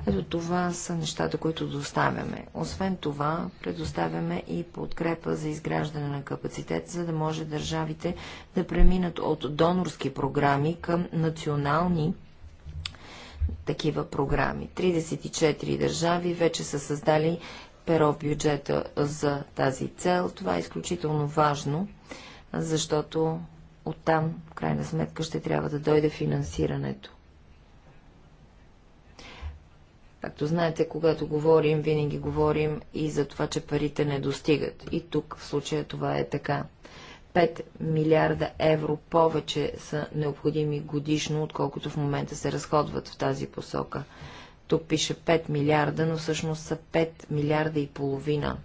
Ето това са нещата, които доставяме. Освен това, предоставяме и подкрепа за изграждане на капацитет, за да може държавите да преминат от донорски програми към национални такива програми. 34 държави вече са създали перо бюджета за тази цел. Това е изключително важно, защото оттам, в крайна сметка, ще трябва да дойде финансирането. Както знаете, когато говорим, винаги говорим и за това, че парите не достигат. И тук в случая това е така. 5 милиарда евро повече са необходими годишно, отколкото в момента се разходват в тази посока. Тук пише 5 милиарда, но всъщност са 5 милиарда и половина.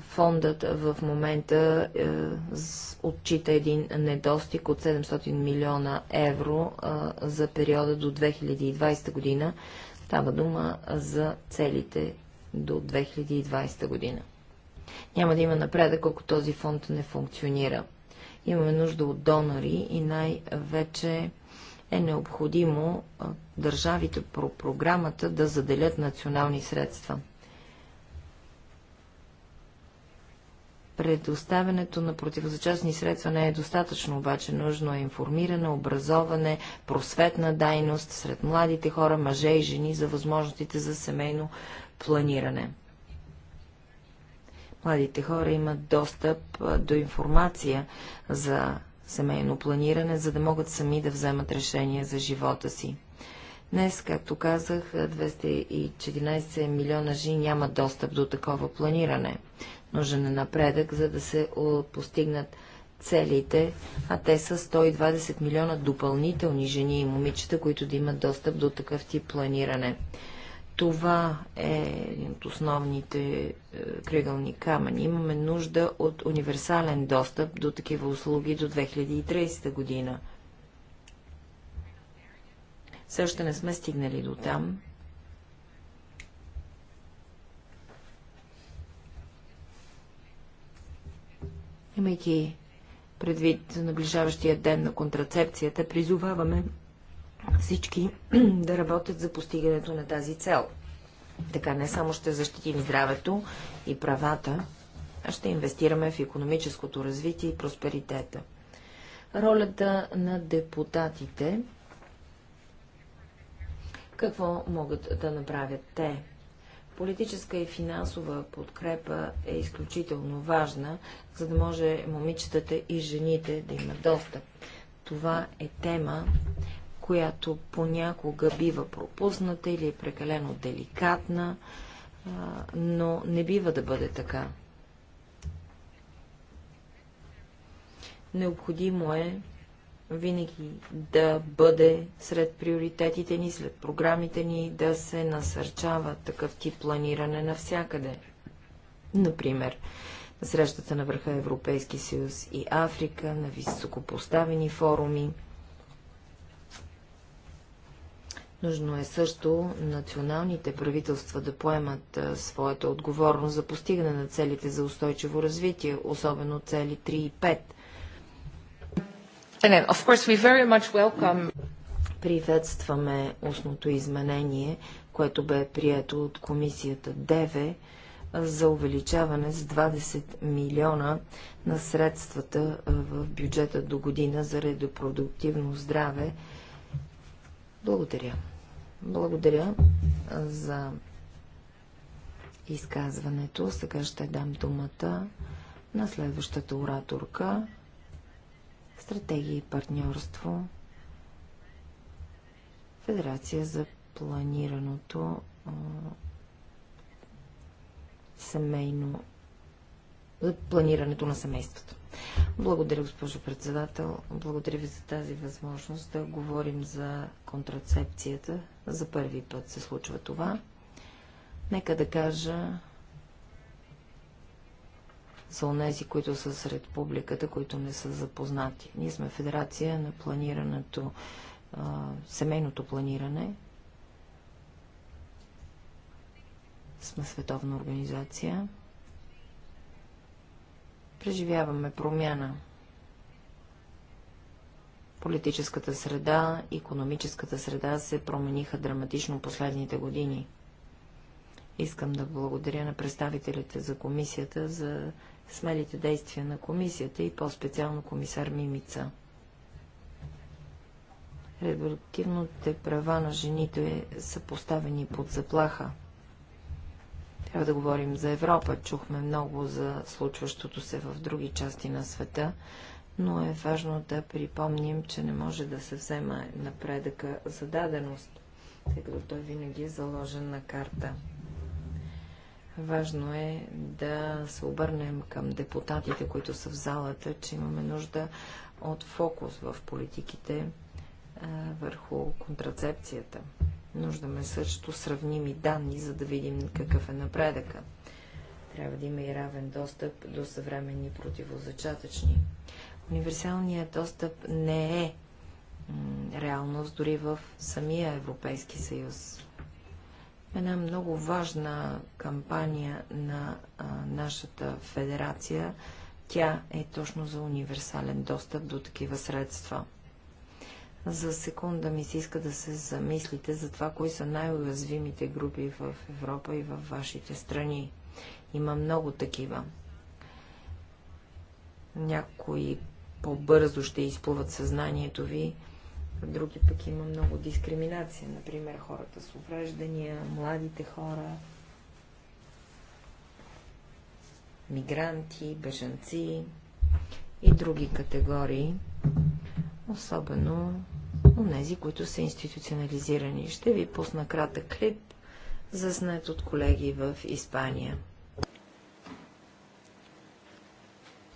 Фондът в момента е, отчита един недостиг от 700 милиона евро за периода до 2020 година. Става дума за целите до 2020 година. Няма да има напредък, ако този фонд не функционира. Имаме нужда от донори и най-вече е необходимо държавите по програмата да заделят национални средства. Предоставянето на противозачастни средства не е достатъчно, обаче нужно е информиране, образоване, просветна дайност сред младите хора, мъже и жени за възможностите за семейно планиране. Младите хора имат достъп до информация за семейно планиране, за да могат сами да вземат решение за живота си. Днес, както казах, 214 милиона жени нямат достъп до такова планиране. Нужен е напредък, за да се постигнат целите, а те са 120 милиона допълнителни жени и момичета, които да имат достъп до такъв тип планиране. Това е един от основните е, кръгълни камъни. Имаме нужда от универсален достъп до такива услуги до 2030 година. Все още не сме стигнали до там, Имайки предвид наближаващия ден на контрацепцията, призоваваме всички *clears throat* да работят за постигането на тази цел. Така не само ще защитим здравето и правата, а ще инвестираме в економическото развитие и просперитета. Ролята на депутатите. Какво могат да направят те? Политическа и финансова подкрепа е изключително важна, за да може момичетата и жените да имат достъп. Това е тема, която понякога бива пропусната или е прекалено деликатна, но не бива да бъде така. Необходимо е винаги да бъде сред приоритетите ни, след програмите ни, да се насърчава такъв тип планиране навсякъде. Например, на срещата на върха Европейски съюз и Африка, на високопоставени форуми. Нужно е също националните правителства да поемат своята отговорност за постигане на целите за устойчиво развитие, особено цели 3 и 5 – Приветстваме устното изменение, което бе прието от комисията ДЕВЕ за увеличаване с 20 милиона на средствата в бюджета до година за репродуктивно здраве. Благодаря. Благодаря за изказването. Сега ще дам думата на следващата ораторка стратегия и партньорство, Федерация за планираното семейно за планирането на семейството. Благодаря, госпожо председател. Благодаря ви за тази възможност да говорим за контрацепцията. За първи път се случва това. Нека да кажа, за онези, които са сред публиката, които не са запознати. Ние сме федерация на планирането, а, семейното планиране. Сме световна организация. Преживяваме промяна. Политическата среда, економическата среда се промениха драматично последните години. Искам да благодаря на представителите за комисията за смелите действия на комисията и по-специално комисар Мимица. Редуктивните права на жените са поставени под заплаха. Трябва да говорим за Европа. Чухме много за случващото се в други части на света, но е важно да припомним, че не може да се взема напредъка за даденост, тъй като той винаги е заложен на карта. Важно е да се обърнем към депутатите, които са в залата, че имаме нужда от фокус в политиките а, върху контрацепцията. Нуждаме също сравними данни, за да видим какъв е напредъка. Трябва да има и равен достъп до съвременни противозачатъчни. Универсалният достъп не е реалност дори в самия Европейски съюз една много важна кампания на а, нашата федерация. Тя е точно за универсален достъп до такива средства. За секунда ми се иска да се замислите за това, кои са най-уязвимите групи в Европа и във вашите страни. Има много такива. Някои по-бързо ще изплуват съзнанието ви, Други пък има много дискриминация, например хората с увреждания, младите хора, мигранти, бежанци и други категории, особено нези, които са институционализирани. Ще ви пусна кратък клип, заснет от колеги в Испания.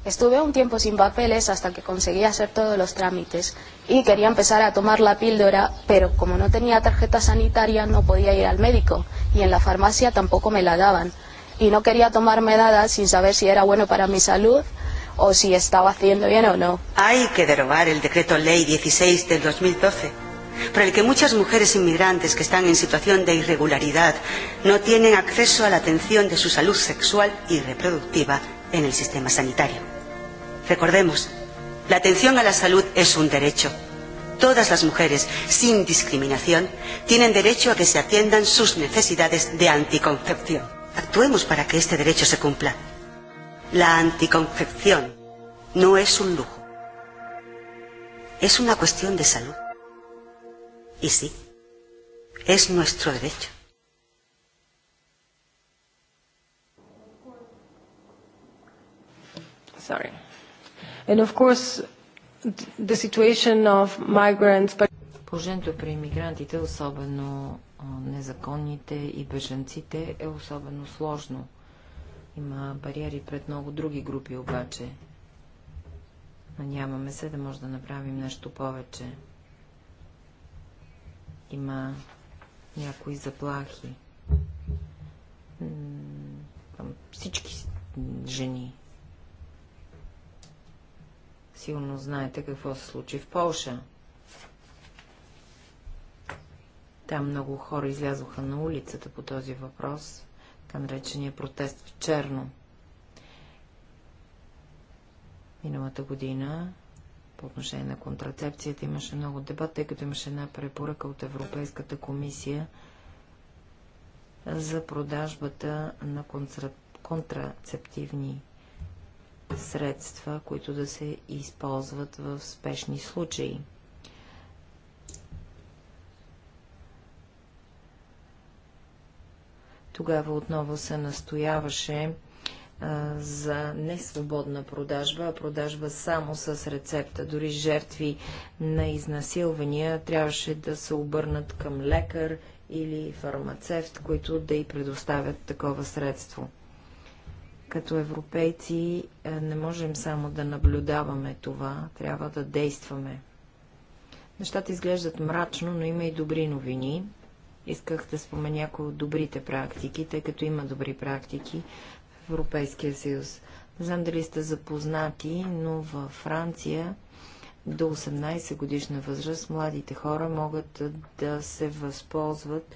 Estuve un tiempo sin papeles hasta que conseguí hacer todos los trámites y quería empezar a tomar la píldora, pero como no tenía tarjeta sanitaria no podía ir al médico y en la farmacia tampoco me la daban. Y no quería tomarme nada sin saber si era bueno para mi salud o si estaba haciendo bien o no. Hay que derogar el decreto ley 16 del 2012, por el que muchas mujeres inmigrantes que están en situación de irregularidad no tienen acceso a la atención de su salud sexual y reproductiva en el sistema sanitario. Recordemos, la atención a la salud es un derecho. Todas las mujeres, sin discriminación, tienen derecho a que se atiendan sus necesidades de anticoncepción. Actuemos para que este derecho se cumpla. La anticoncepción no es un lujo. Es una cuestión de salud. Y sí, es nuestro derecho.
Sorry. And of course, the situation of migrants, but... Положението при мигрантите, особено незаконните и бежанците, е особено сложно. Има бариери пред много други групи обаче. нямаме се да може да направим нещо повече. Има някои заплахи. всички жени, Силно знаете какво се случи в Полша. Там много хора излязоха на улицата по този въпрос, така наречения протест в черно. Миналата година по отношение на контрацепцията имаше много дебат, тъй като имаше една препоръка от Европейската комисия за продажбата на контрацептивни средства, които да се използват в спешни случаи. Тогава отново се настояваше а, за несвободна продажба, а продажба само с рецепта. Дори жертви на изнасилвания трябваше да се обърнат към лекар или фармацевт, които да й предоставят такова средство. Като европейци е, не можем само да наблюдаваме това, трябва да действаме. Нещата изглеждат мрачно, но има и добри новини. Исках да спомена някои от добрите практики, тъй като има добри практики в Европейския съюз. Не знам дали сте запознати, но във Франция до 18 годишна възраст младите хора могат да се възползват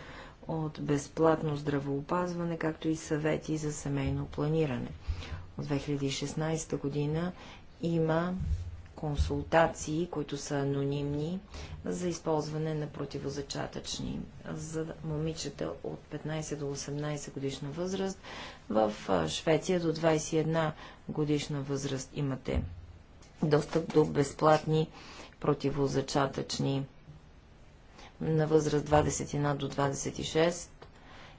от безплатно здравоопазване, както и съвети за семейно планиране. От 2016 година има консултации, които са анонимни, за използване на противозачатъчни за момичета от 15 до 18 годишна възраст. В Швеция до 21 годишна възраст имате достъп до безплатни противозачатъчни на възраст 21 до 26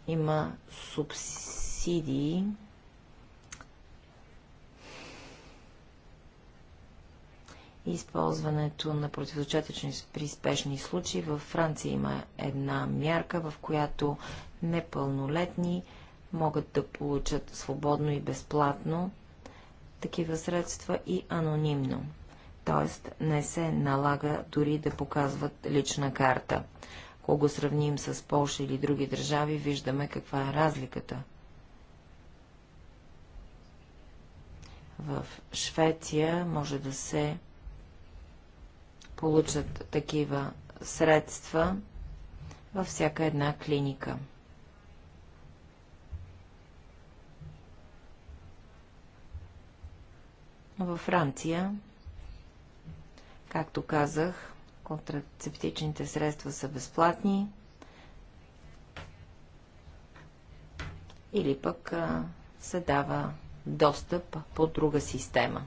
има субсидии. и използването на противозачатъчни при спешни случаи. Във Франция има една мярка, в която непълнолетни могат да получат свободно и безплатно такива средства и анонимно т.е. не се налага дори да показват лична карта. Ако го сравним с Польша или други държави, виждаме каква е разликата. В Швеция може да се получат такива средства във всяка една клиника. Във Франция Както казах, контрацептичните средства са безплатни или пък се дава достъп по друга система.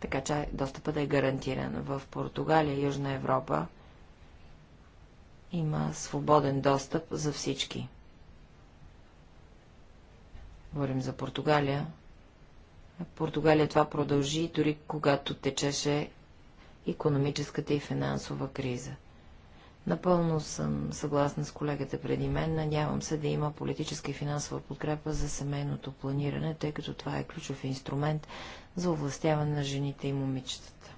Така че достъпът е гарантиран. В Португалия, Южна Европа има свободен достъп за всички. Говорим за Португалия. В Португалия това продължи дори когато течеше економическата и финансова криза. Напълно съм съгласна с колегата преди мен. Надявам се да има политическа и финансова подкрепа за семейното планиране, тъй като това е ключов инструмент за овластяване на жените и момичетата.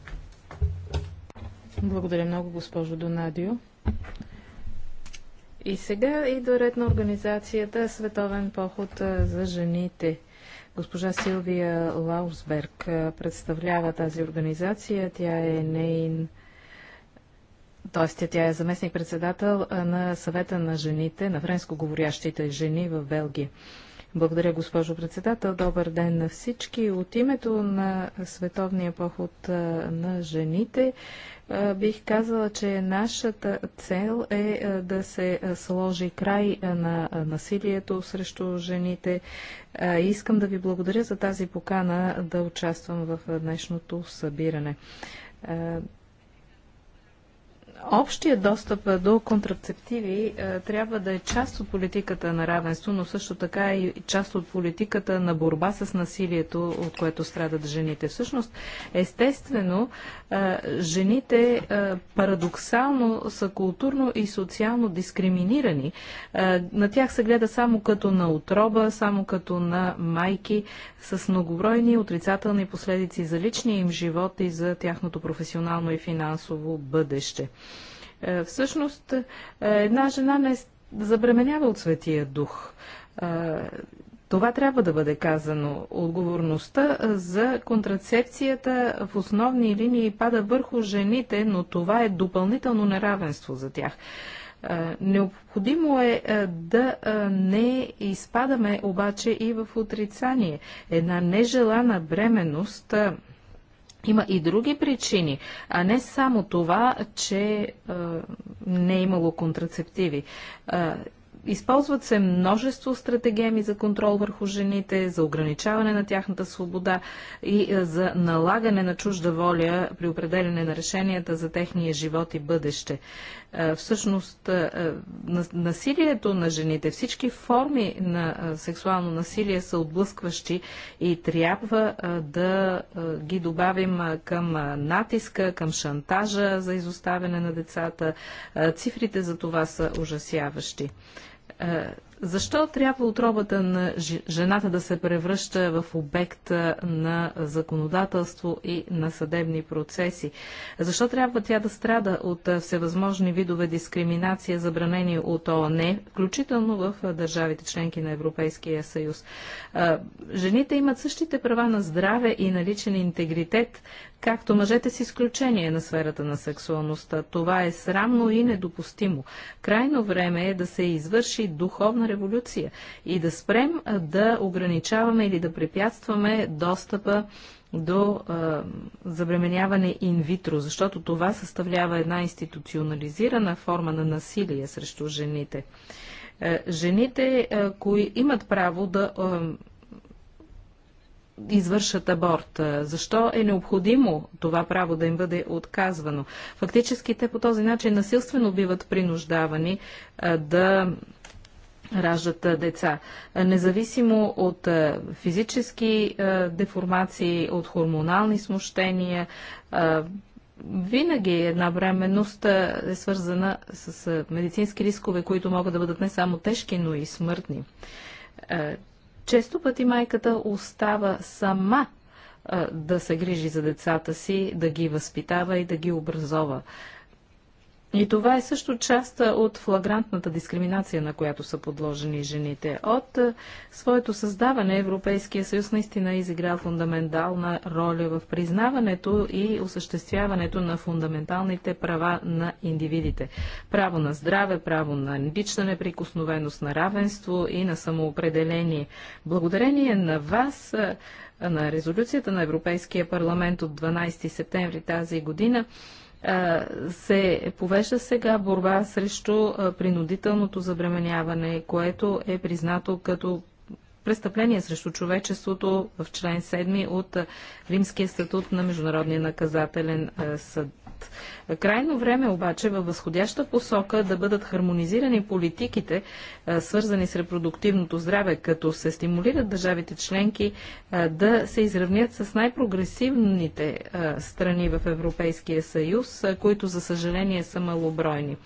Благодаря много, госпожо Донадио. И сега
и ред на организацията Световен поход за жените – Госпожа Силвия Лаусберг представлява тази организация. Тя е нейн т.е. тя е заместник-председател на съвета на жените, на френско говорящите жени в Белгия. Благодаря, госпожо председател. Добър ден на всички. От името на Световния поход на жените бих казала, че нашата цел е да се сложи край на насилието срещу жените. Искам да ви благодаря за тази покана да участвам в днешното събиране. Общия достъп до контрацептиви е, трябва да е част от политиката на равенство, но също така и част от политиката на борба с насилието, от което страдат жените. Всъщност, естествено, жените парадоксално са културно и социално дискриминирани. На тях се гледа само като на отроба, само като на майки с многобройни отрицателни последици за личния им живот и за тяхното професионално и финансово бъдеще. Всъщност, една жена не е забременява от Светия Дух това трябва да бъде казано. Отговорността за контрацепцията в основни линии пада върху жените, но това е допълнително неравенство за тях. Необходимо е да не изпадаме обаче и в отрицание. Една нежелана бременност има и други причини, а не само това, че не е имало контрацептиви. Използват се множество стратегеми за контрол върху жените, за ограничаване на тяхната свобода и е, за налагане на чужда воля при определене на решенията за техния живот и бъдеще. Е, всъщност, е, насилието на жените, всички форми на сексуално насилие са отблъскващи и трябва да ги добавим към натиска, към шантажа за изоставяне на децата. Цифрите за това са ужасяващи. Е, защо трябва отробата на жената да се превръща в обект на законодателство и на съдебни процеси? Защо трябва тя да страда от е, всевъзможни видове дискриминация, забранени от ООН, включително в е, държавите членки на Европейския съюз? Жените имат същите права на здраве и на личен интегритет, както мъжете с изключение на сферата на сексуалността. Това е срамно и недопустимо. Крайно време е да се извърши духовна революция и да спрем да ограничаваме или да препятстваме достъпа до а, забременяване инвитро, защото това съставлява една институционализирана форма на насилие срещу жените. Е, жените, които е, кои имат право да е, извършат аборт. Защо е необходимо това право да им бъде отказвано? Фактически те по този начин насилствено биват принуждавани да раждат деца. Независимо от физически деформации, от хормонални смущения, винаги една бременност е свързана с медицински рискове, които могат да бъдат не само тежки, но и смъртни. Често пъти майката остава сама да се грижи за децата си, да ги възпитава и да ги образова. И това е също част от флагрантната дискриминация, на която са подложени жените. От своето създаване Европейския съюз наистина изиграл фундаментална роля в признаването и осъществяването на фундаменталните права на индивидите. Право на здраве, право на лична неприкосновеност, на равенство и на самоопределение. Благодарение на вас на резолюцията на Европейския парламент от 12 септември тази година, се повежда сега борба срещу принудителното забременяване, което е признато като престъпление срещу човечеството в член 7 от Римския статут на Международния наказателен съд. Е, крайно време е обаче във възходяща посока да бъдат хармонизирани политиките, е, свързани с репродуктивното здраве, като се стимулират държавите членки да се изравнят с най-прогресивните страни в Европейския съюз, които за съжаление са малобройни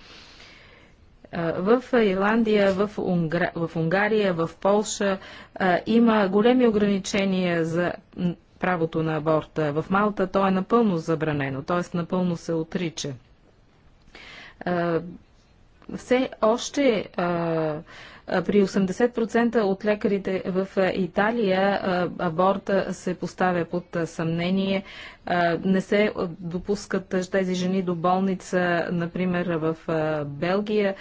в Ирландия, в, Унгар... в Унгария, в Полша има големи ограничения за правото на аборта. В Малта то е напълно забранено, т.е. напълно се отрича. Все още при 80% от лекарите в Италия аборта се поставя под съмнение. Не се допускат тези жени до болница, например в Белгия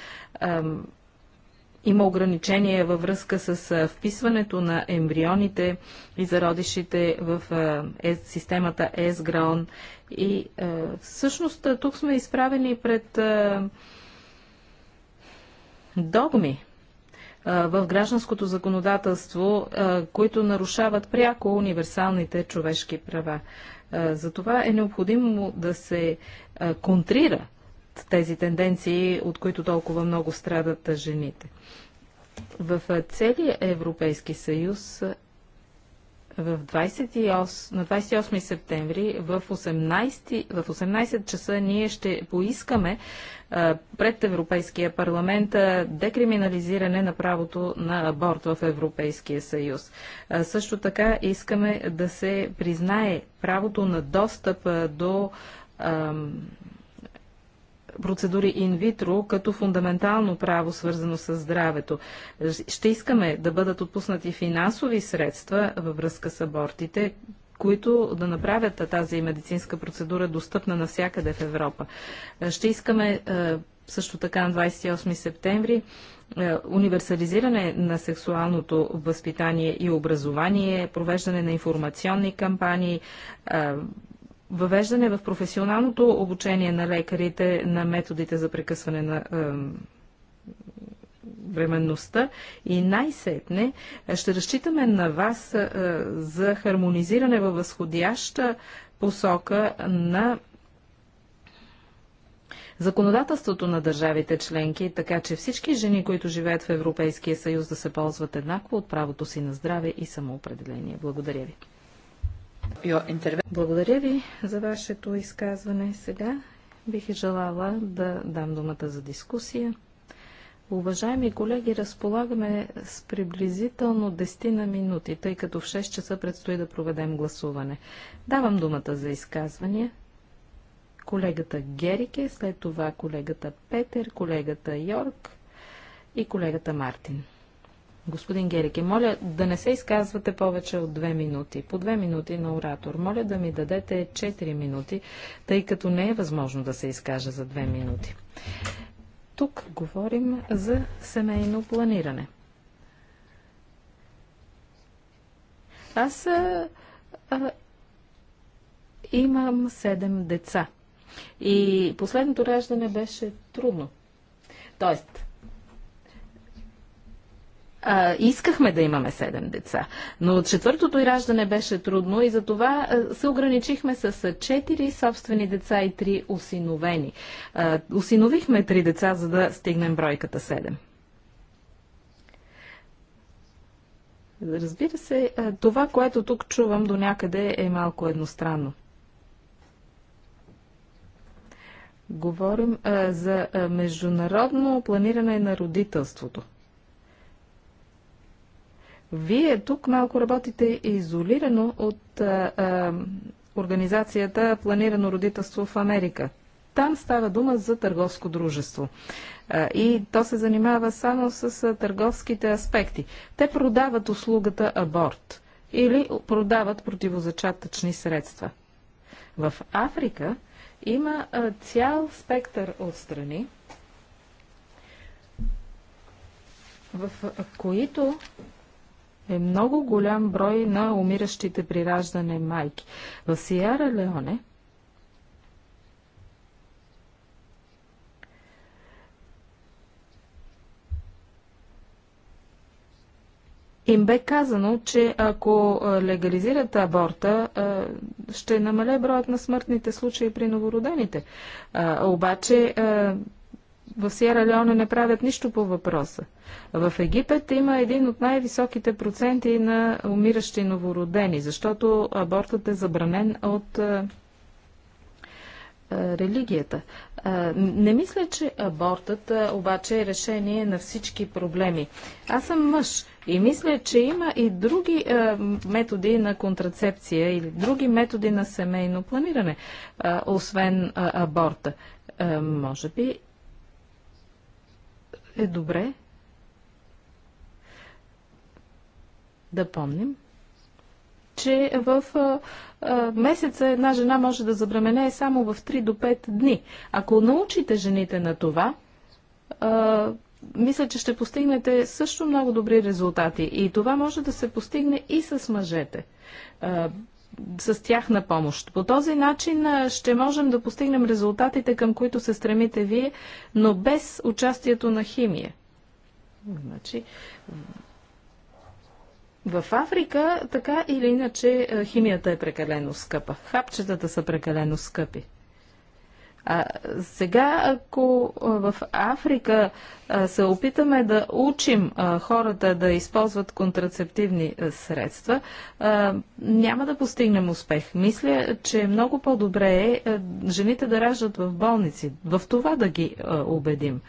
има ограничения във връзка с вписването на ембрионите и зародишите в е, системата ЕСГРАОН. И всъщност тук сме изправени пред догми в гражданското законодателство, които нарушават пряко универсалните човешки права. Затова е необходимо да се контрира тези тенденции, от които толкова много страдат жените. В целия Европейски съюз в 28, на 28 септември в 18, в 18 часа ние ще поискаме а, пред Европейския парламент а, декриминализиране на правото на аборт в Европейския съюз. А, също така искаме да се признае правото на достъп до процедури инвитро като фундаментално право, свързано с здравето. Ще искаме да бъдат отпуснати финансови средства във връзка с абортите, които да направят тази медицинска процедура достъпна навсякъде в Европа. Ще искаме е, също така на 28 септември е, универсализиране на сексуалното възпитание и образование, провеждане на информационни кампании, е, въвеждане в професионалното обучение на лекарите на методите за прекъсване на временността и най-сетне е, ще разчитаме на вас е, за хармонизиране във възходяща посока на законодателството на държавите членки, така че всички жени, които живеят в Европейския съюз, да се ползват еднакво от правото си на здраве и самоопределение. Благодаря ви. Благодаря ви за вашето изказване сега. Бих желала да дам думата за дискусия. Уважаеми колеги, разполагаме с приблизително 10 на минути, тъй като в 6 часа предстои да проведем гласуване. Давам думата за изказвания. Колегата Герике, след това колегата Петер, колегата Йорк и колегата Мартин. Господин Герике, моля да не се изказвате повече от две минути. По две минути на оратор. Моля да ми дадете 4 минути, тъй като не е възможно да се изкажа за две минути. Тук говорим за семейно планиране. Аз а, а, имам седем деца. И последното раждане беше трудно. Тоест, а, искахме да имаме седем деца, но четвъртото и раждане беше трудно и затова се ограничихме с четири собствени деца и три осиновени. А, осиновихме три деца, за да стигнем бройката седем. Разбира се, това, което тук чувам до някъде е малко едностранно. Говорим а, за международно планиране на родителството. Вие тук малко работите изолирано от а, а, организацията Планирано родителство в Америка. Там става дума за търговско дружество. А, и то се занимава само с а, търговските аспекти. Те продават услугата аборт или продават противозачатъчни средства. В Африка има а, цял спектър от страни, в които е много голям брой на умиращите при раждане майки. В Сиара Леоне им бе казано, че ако легализират аборта, ще намале броят на смъртните случаи при новородените. Обаче в Сиера Леоне не правят нищо по въпроса. В Египет има един от най-високите проценти на умиращи новородени, защото абортът е забранен от религията. не мисля, че абортът обаче е решение на всички проблеми. Аз съм мъж и мисля, че има и други методи на контрацепция или други методи на семейно планиране, освен аборта. Може би е добре да помним, че в а, месеца една жена може да забременее само в 3 до 5 дни. Ако научите жените на това, а, мисля, че ще постигнете също много добри резултати. И това може да се постигне и с мъжете. А, с тях на помощ. По този начин ще можем да постигнем резултатите, към които се стремите вие, но без участието на химия. Значи, в Африка така или иначе химията е прекалено скъпа. Хапчетата са прекалено скъпи. А, сега, ако в Африка а, се опитаме да учим а, хората да използват контрацептивни а, средства, а, няма да постигнем успех. Мисля, че много по-добре е жените да раждат в болници. В това да ги а, убедим.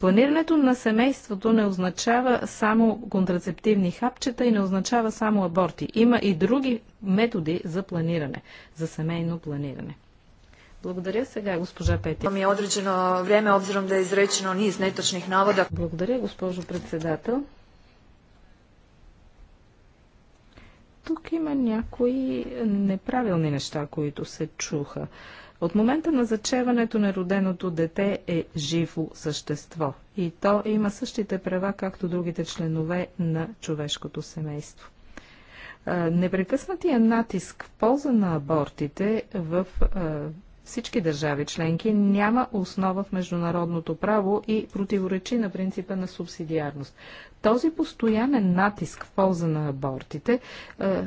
планирането на семейството не означава само контрацептивни хапчета и не означава само аборти. Има и други методи за планиране, за семейно планиране. Благодаря сега, е госпожа Пети. Ми е отречено време, обзиром да е изречено низ неточних навода. Благодаря, госпожо председател. Тук има някои неправилни неща, които се чуха. От момента на зачеването на роденото дете е живо същество и то има същите права, както другите членове на човешкото семейство. Непрекъснатия натиск в полза на абортите в всички държави членки няма основа в международното право и противоречи на принципа на субсидиарност. Този постоянен натиск в полза на абортите е,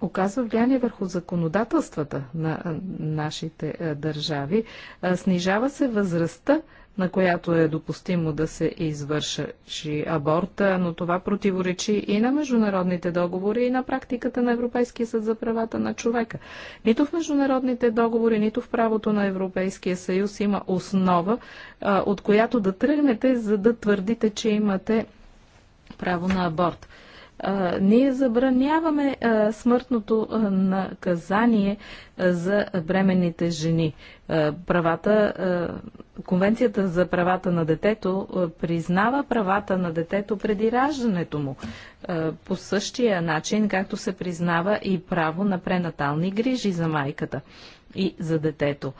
оказва влияние върху законодателствата на е, нашите е, държави, е, снижава се възрастта на която е допустимо да се извърши аборта, но това противоречи и на международните договори, и на практиката на Европейския съд за правата на човека. Нито в международните договори, нито в правото на Европейския съюз има основа, а, от която да тръгнете, за да твърдите, че имате право на аборт ние забраняваме смъртното наказание за бременните жени. Правата, Конвенцията за правата на детето признава правата на детето преди раждането му. По същия начин, както се признава и право на пренатални грижи за майката и за детето.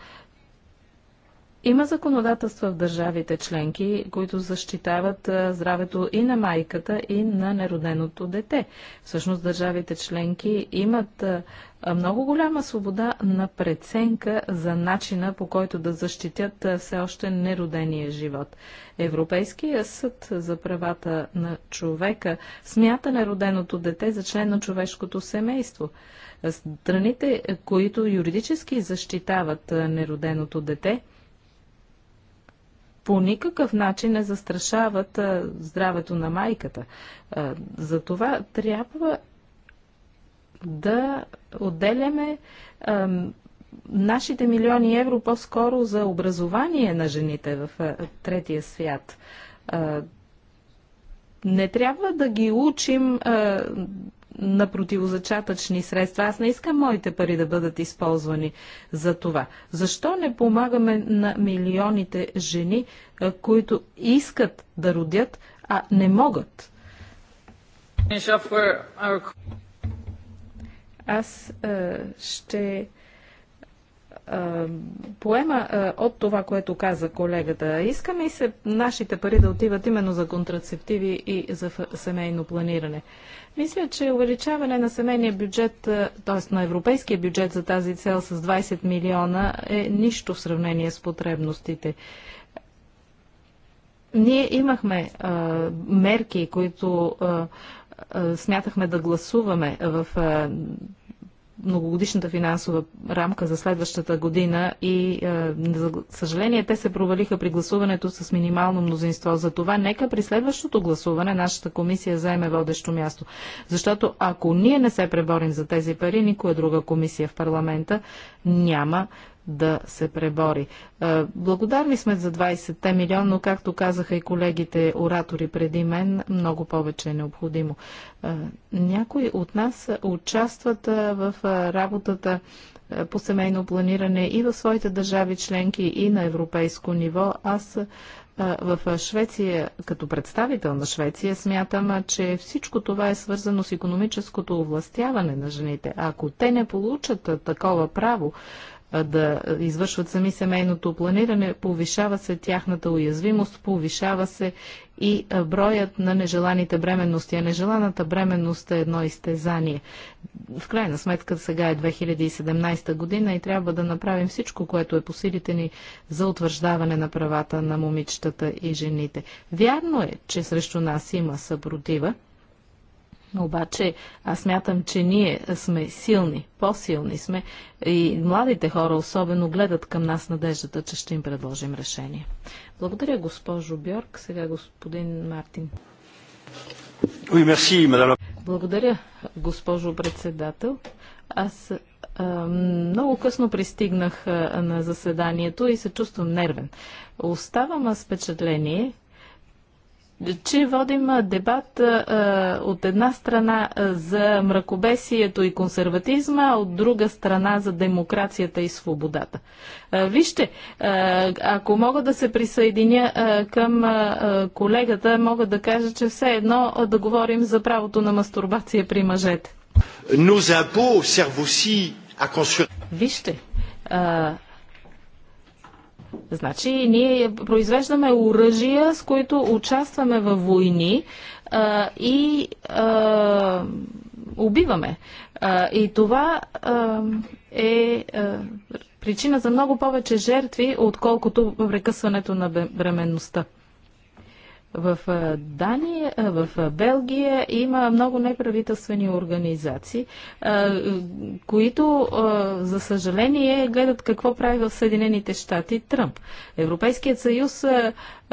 Има законодателства в държавите членки, които защитават здравето и на майката, и на нероденото дете. Всъщност държавите членки имат много голяма свобода на преценка за начина по който да защитят все още неродения живот. Европейския съд за правата на човека смята нероденото дете за член на човешкото семейство. Страните, които юридически защитават нероденото дете, по никакъв начин не застрашават здравето на майката. Затова трябва да отделяме нашите милиони евро по-скоро за образование на жените в третия свят. Не трябва да ги учим на противозачатъчни средства. Аз не искам моите пари да бъдат използвани за това. Защо не помагаме на милионите жени, които искат да родят, а не могат? Аз е, ще поема от това, което каза колегата. Искаме и се нашите пари да отиват именно за контрацептиви и за семейно планиране. Мисля, че увеличаване на семейния бюджет, т.е. на европейския бюджет за тази цел с 20 милиона е нищо в сравнение с потребностите. Ние имахме а, мерки, които а, а, смятахме да гласуваме в а, многогодишната финансова рамка за следващата година и, е, за съжаление, те се провалиха при гласуването с минимално мнозинство. За това нека при следващото гласуване нашата комисия заеме водещо място. Защото ако ние не се преборим за тези пари, никоя друга комисия в парламента няма да се пребори. Е, благодарни сме за 20-те милион, но както казаха и колегите оратори преди мен, много повече е необходимо. Е, някои от нас участват е, в работата по семейно планиране и в своите държави членки и на европейско ниво. Аз в Швеция, като представител на Швеция, смятам, че всичко това е свързано с економическото овластяване на жените. Ако те не получат такова право, да извършват сами семейното планиране, повишава се тяхната уязвимост, повишава се и броят на нежеланите бременности. А нежеланата бременност е едно изтезание. В крайна сметка сега е 2017 година и трябва да направим всичко, което е по силите ни за утвърждаване на правата на момичетата и жените. Вярно е, че срещу нас има съпротива, обаче аз мятам, че ние сме силни, по-силни сме и младите хора особено гледат към нас надеждата, че ще им предложим решение. Благодаря, госпожо Бьорк. Сега господин Мартин. Oui, merci, Благодаря, госпожо председател. Аз много късно пристигнах на заседанието и се чувствам нервен. Оставам с впечатление, че водим дебат а, от една страна за мракобесието и консерватизма, а от друга страна за демокрацията и свободата. А, вижте, а, ако мога да се присъединя към колегата, мога да кажа, че все едно да говорим за правото на мастурбация при мъжете. Вижте, Значи ние произвеждаме оръжия, с които участваме във войни а, и а, убиваме. А, и това а, е а, причина за много повече жертви, отколкото прекъсването на бременността. В Дания, в Белгия има много неправителствени организации, които, за съжаление, гледат какво прави в Съединените щати Тръмп. Европейският съюз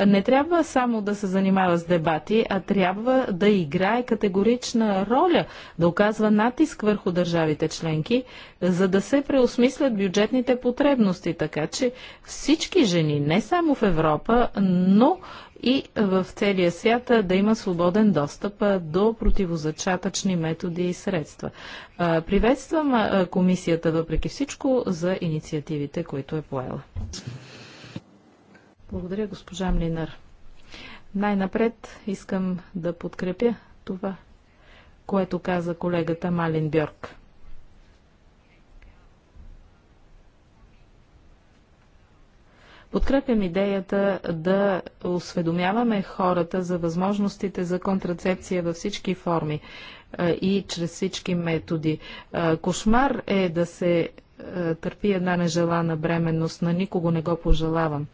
не трябва само да се занимава с дебати, а трябва да играе категорична роля, да оказва натиск върху държавите членки, за да се преосмислят бюджетните потребности. Така че всички жени, не само в Европа, но и в целия свят да има свободен достъп до противозачатъчни методи и средства. Приветствам комисията въпреки всичко за инициативите, които е поела. Благодаря, госпожа Млинар. Най-напред искам да подкрепя това, което каза колегата Малин Бьорк. Подкрепям идеята да осведомяваме хората за възможностите за контрацепция във всички форми и чрез всички методи. Кошмар е да се търпи една нежелана бременност, на никого не го пожелавам.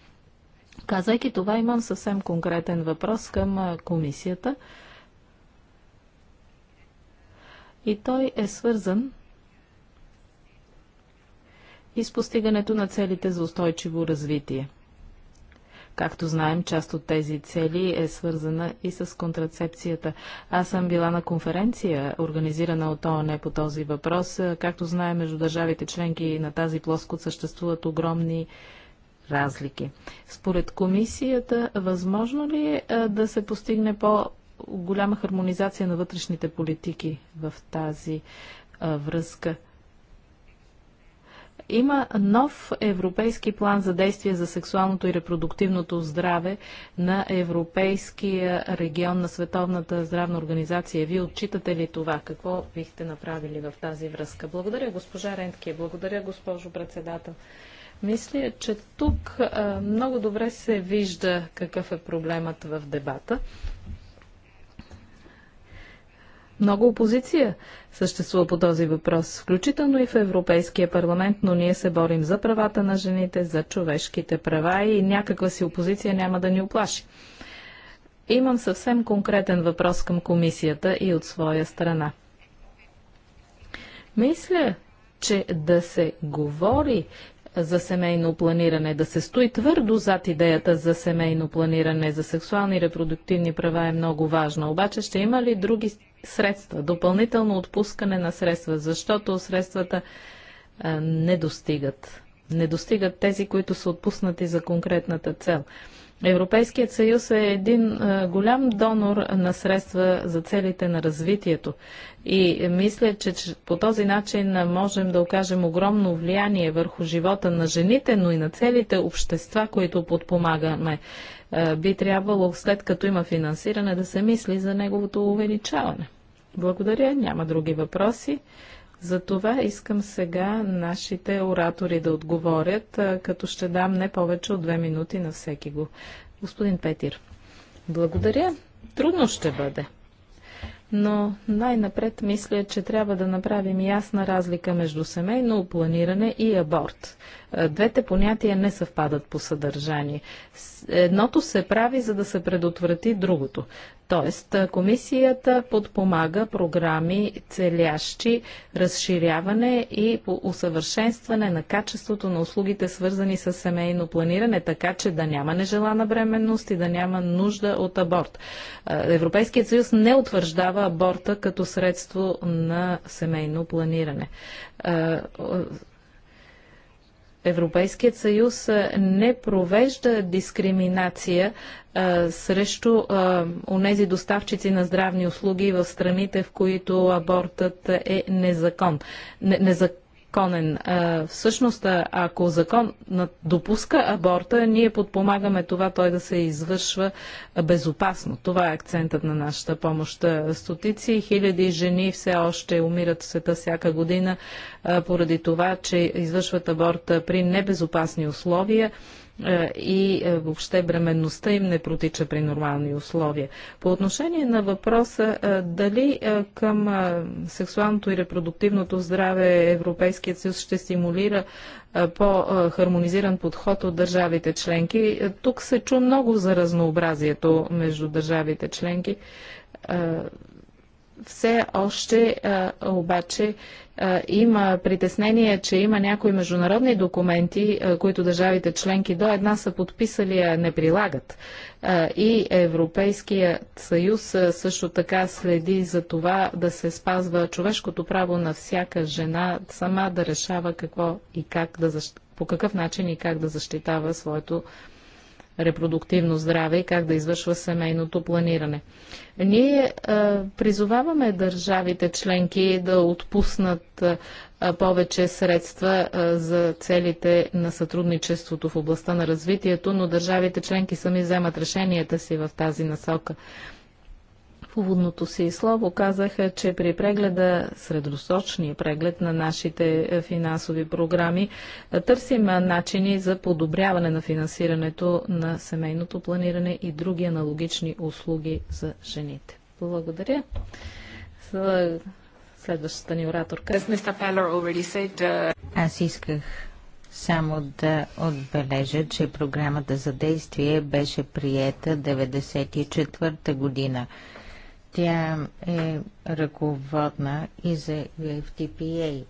Казайки това, имам съвсем конкретен въпрос към комисията. И той е свързан и с постигането на целите за устойчиво развитие. Както знаем, част от тези цели е свързана и с контрацепцията. Аз съм била на конференция, организирана от ООН по този въпрос. Както знаем, между държавите членки на тази плоскост съществуват огромни разлики. Според комисията, възможно ли е да се постигне по-голяма хармонизация на вътрешните политики в тази връзка? Има нов европейски план за действие за сексуалното и репродуктивното здраве на Европейския регион на Световната здравна организация. Вие отчитате ли това? Какво бихте направили в тази връзка? Благодаря, госпожа Рентки, Благодаря, госпожо председател. Мисля, че тук а, много добре се вижда какъв е проблемът в дебата. Много опозиция съществува по този въпрос, включително и в Европейския парламент, но ние се борим за правата на жените, за човешките права и някаква си опозиция няма да ни оплаши. Имам съвсем конкретен въпрос към комисията и от своя страна. Мисля, че да се говори за семейно планиране, да се стои твърдо зад идеята за семейно планиране, за сексуални и репродуктивни права е много важно. Обаче ще има ли други средства, допълнително отпускане на средства, защото средствата а, не достигат. Не достигат тези, които са отпуснати за конкретната цел. Европейският съюз е един а, голям донор на средства за целите на развитието. И мисля, че, че по този начин можем да окажем огромно влияние върху живота на жените, но и на целите общества, които подпомагаме. Е, би трябвало след като има финансиране да се мисли за неговото увеличаване. Благодаря, няма други въпроси. За това искам сега нашите оратори да отговорят, е, като ще дам не повече от две минути на всеки го. Господин Петир, благодаря. Трудно ще бъде. Но най-напред мисля, че трябва да направим ясна разлика между семейно планиране и аборт. Двете понятия не съвпадат по съдържание. Едното се прави, за да се предотврати другото. Тоест, комисията подпомага програми, целящи разширяване и усъвършенстване на качеството на услугите, свързани с семейно планиране, така че да няма нежелана бременност и да няма нужда от аборт. Европейският съюз не утвърждава аборта като средство на семейно планиране. Европейският съюз не провежда дискриминация а, срещу онези доставчици на здравни услуги в страните, в които абортът е незакон, не, незак, а, Всъщност, ако закон допуска аборта, ние подпомагаме това той да се извършва безопасно. Това е акцентът на нашата помощ. Стотици хиляди жени все още умират в света всяка година поради това, че извършват аборта при небезопасни условия е, и е, въобще бременността им не протича при нормални условия. По отношение на въпроса е, дали към сексуалното и репродуктивното здраве Европейският съюз ще стимулира по-хармонизиран подход от държавите членки, тук се чу много за разнообразието между държавите членки все още а, обаче а, има притеснение, че има някои международни документи, а, които държавите членки до една са подписали, а не прилагат. А, и Европейският съюз а, също така следи за това да се спазва човешкото право на всяка жена сама да решава какво и как да защ... по какъв начин и как да защитава своето репродуктивно здраве и как да извършва семейното планиране. Ние а, е, призоваваме държавите членки да отпуснат а, е, повече средства а, е, за целите на сътрудничеството в областта на развитието, но държавите членки сами вземат решенията си в тази насока. В уводното си слово казаха, че при прегледа, средосрочния преглед на нашите е, финансови програми, е, търсим е, начини за подобряване на финансирането на семейното планиране и други аналогични услуги за жените. Благодаря. Следващата ни ораторка. Uh,
Аз исках само да отбележа, че програмата за действие беше приета 1994 година. Тя е ръководна и за UFTPA. Е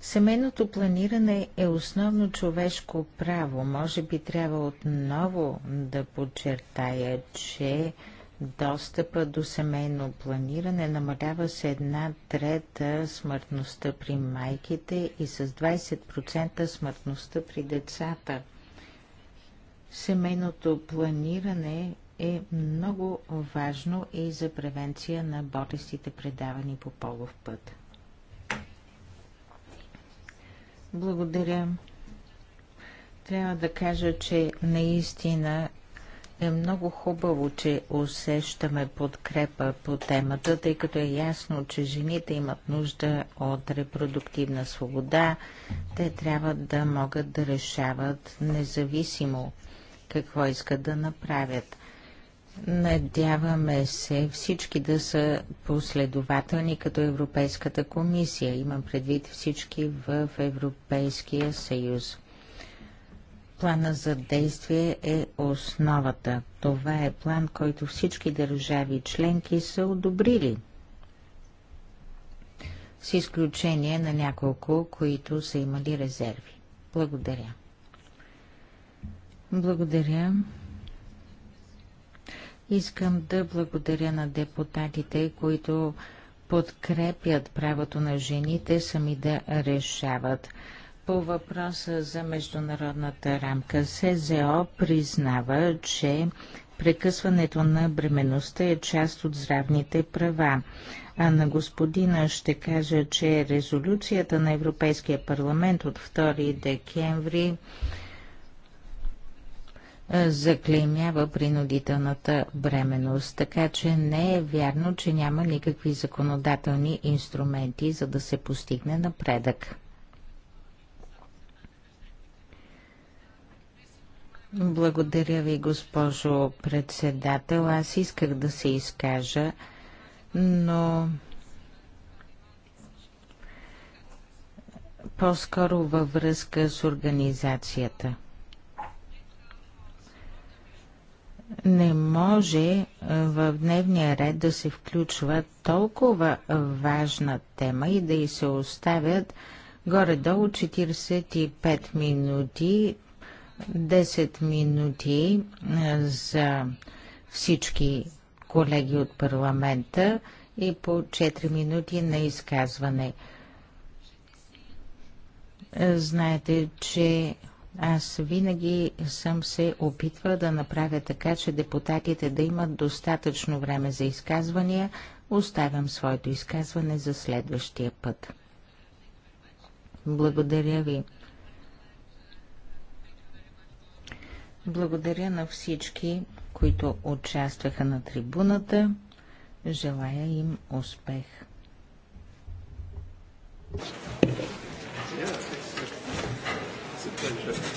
Семейното планиране е основно човешко право. Може би трябва отново да подчертая, че достъпа до семейно планиране намалява с една трета смъртността при майките и с 20% смъртността при децата. Семейното планиране е много важно и за превенция на болестите, предавани по полов път. Благодаря. Трябва да кажа, че наистина е много хубаво, че усещаме подкрепа по темата, тъй като е ясно, че жените имат нужда от репродуктивна свобода. Те трябва да могат да решават независимо какво искат да направят. Надяваме се всички да са последователни като Европейската комисия. Имам предвид всички в Европейския съюз. Плана за действие е основата. Това е план, който всички държави членки са одобрили. С изключение на няколко, които са имали резерви. Благодаря. Благодаря. Искам да благодаря на депутатите, които подкрепят правото на жените сами да решават. По въпроса за международната рамка, СЗО признава, че прекъсването на бременността е част от здравните права. А на господина ще кажа, че резолюцията на Европейския парламент от 2 декември е, заклеймява принудителната бременност, така че не е вярно, че няма никакви законодателни инструменти, за да се постигне напредък. Благодаря ви, госпожо председател. Аз исках да се изкажа, но по-скоро във връзка с организацията. не може в дневния ред да се включва толкова важна тема и да й се оставят горе-долу 45 минути, 10 минути за всички колеги от парламента и по 4 минути на изказване. Знаете, че аз винаги съм се опитвала да направя така, че депутатите да имат достатъчно време за изказвания. Оставям своето изказване за следващия път. Благодаря ви. Благодаря на всички, които участваха на трибуната. Желая им успех! Dankeschön.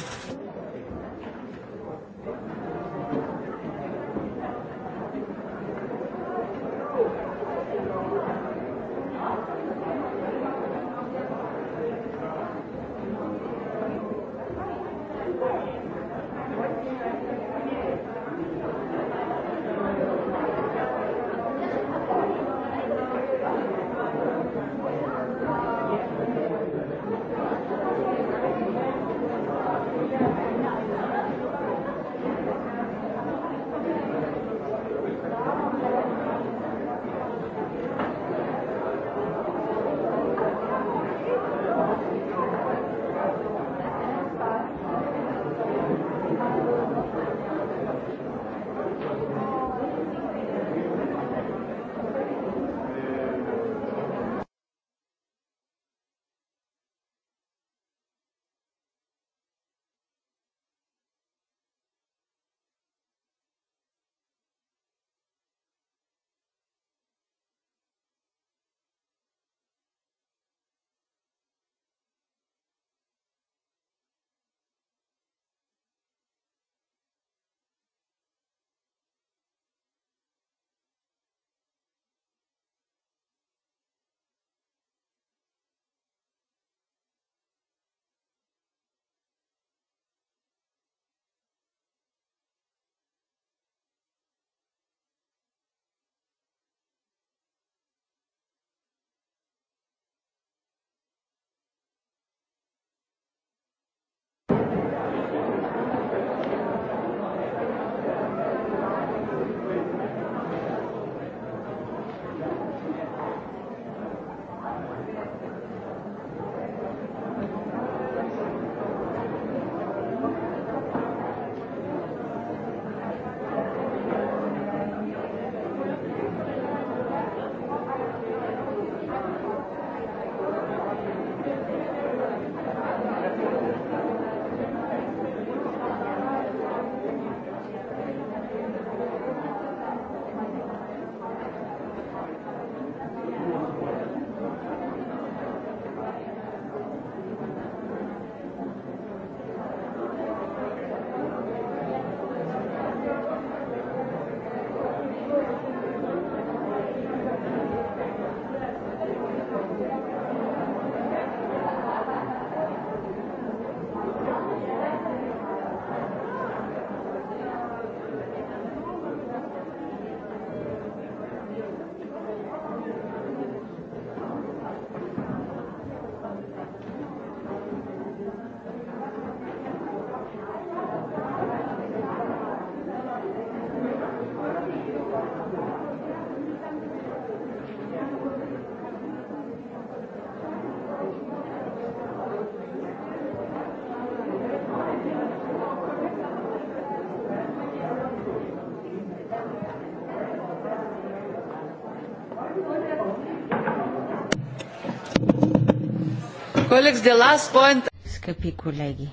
Скъпи колеги,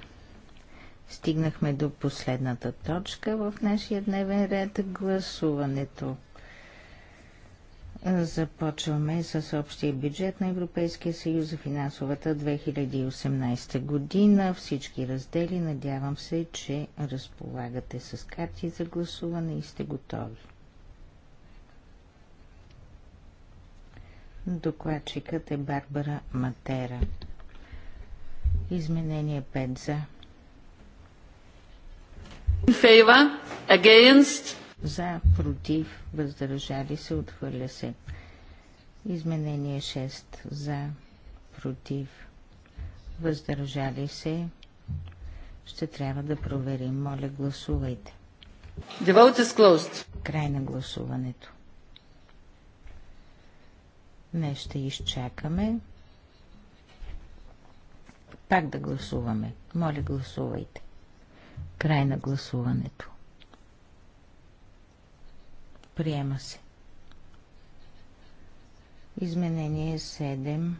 стигнахме до последната точка в нашия дневен ред – гласуването. Започваме с общия бюджет на Европейския съюз за финансовата 2018 година. Всички раздели, надявам се, че разполагате с карти за гласуване и сте готови. Докладчикът е Барбара Матера. Изменение 5 за. In favor, against. За, против, въздържали се, отхвърля се. Изменение 6 за, против, въздържали се. Ще трябва да проверим. Моля, гласувайте. The vote is closed. Край на гласуването. Не ще изчакаме. Пак да гласуваме. Моля, гласувайте. Край на гласуването. Приема се. Изменение 7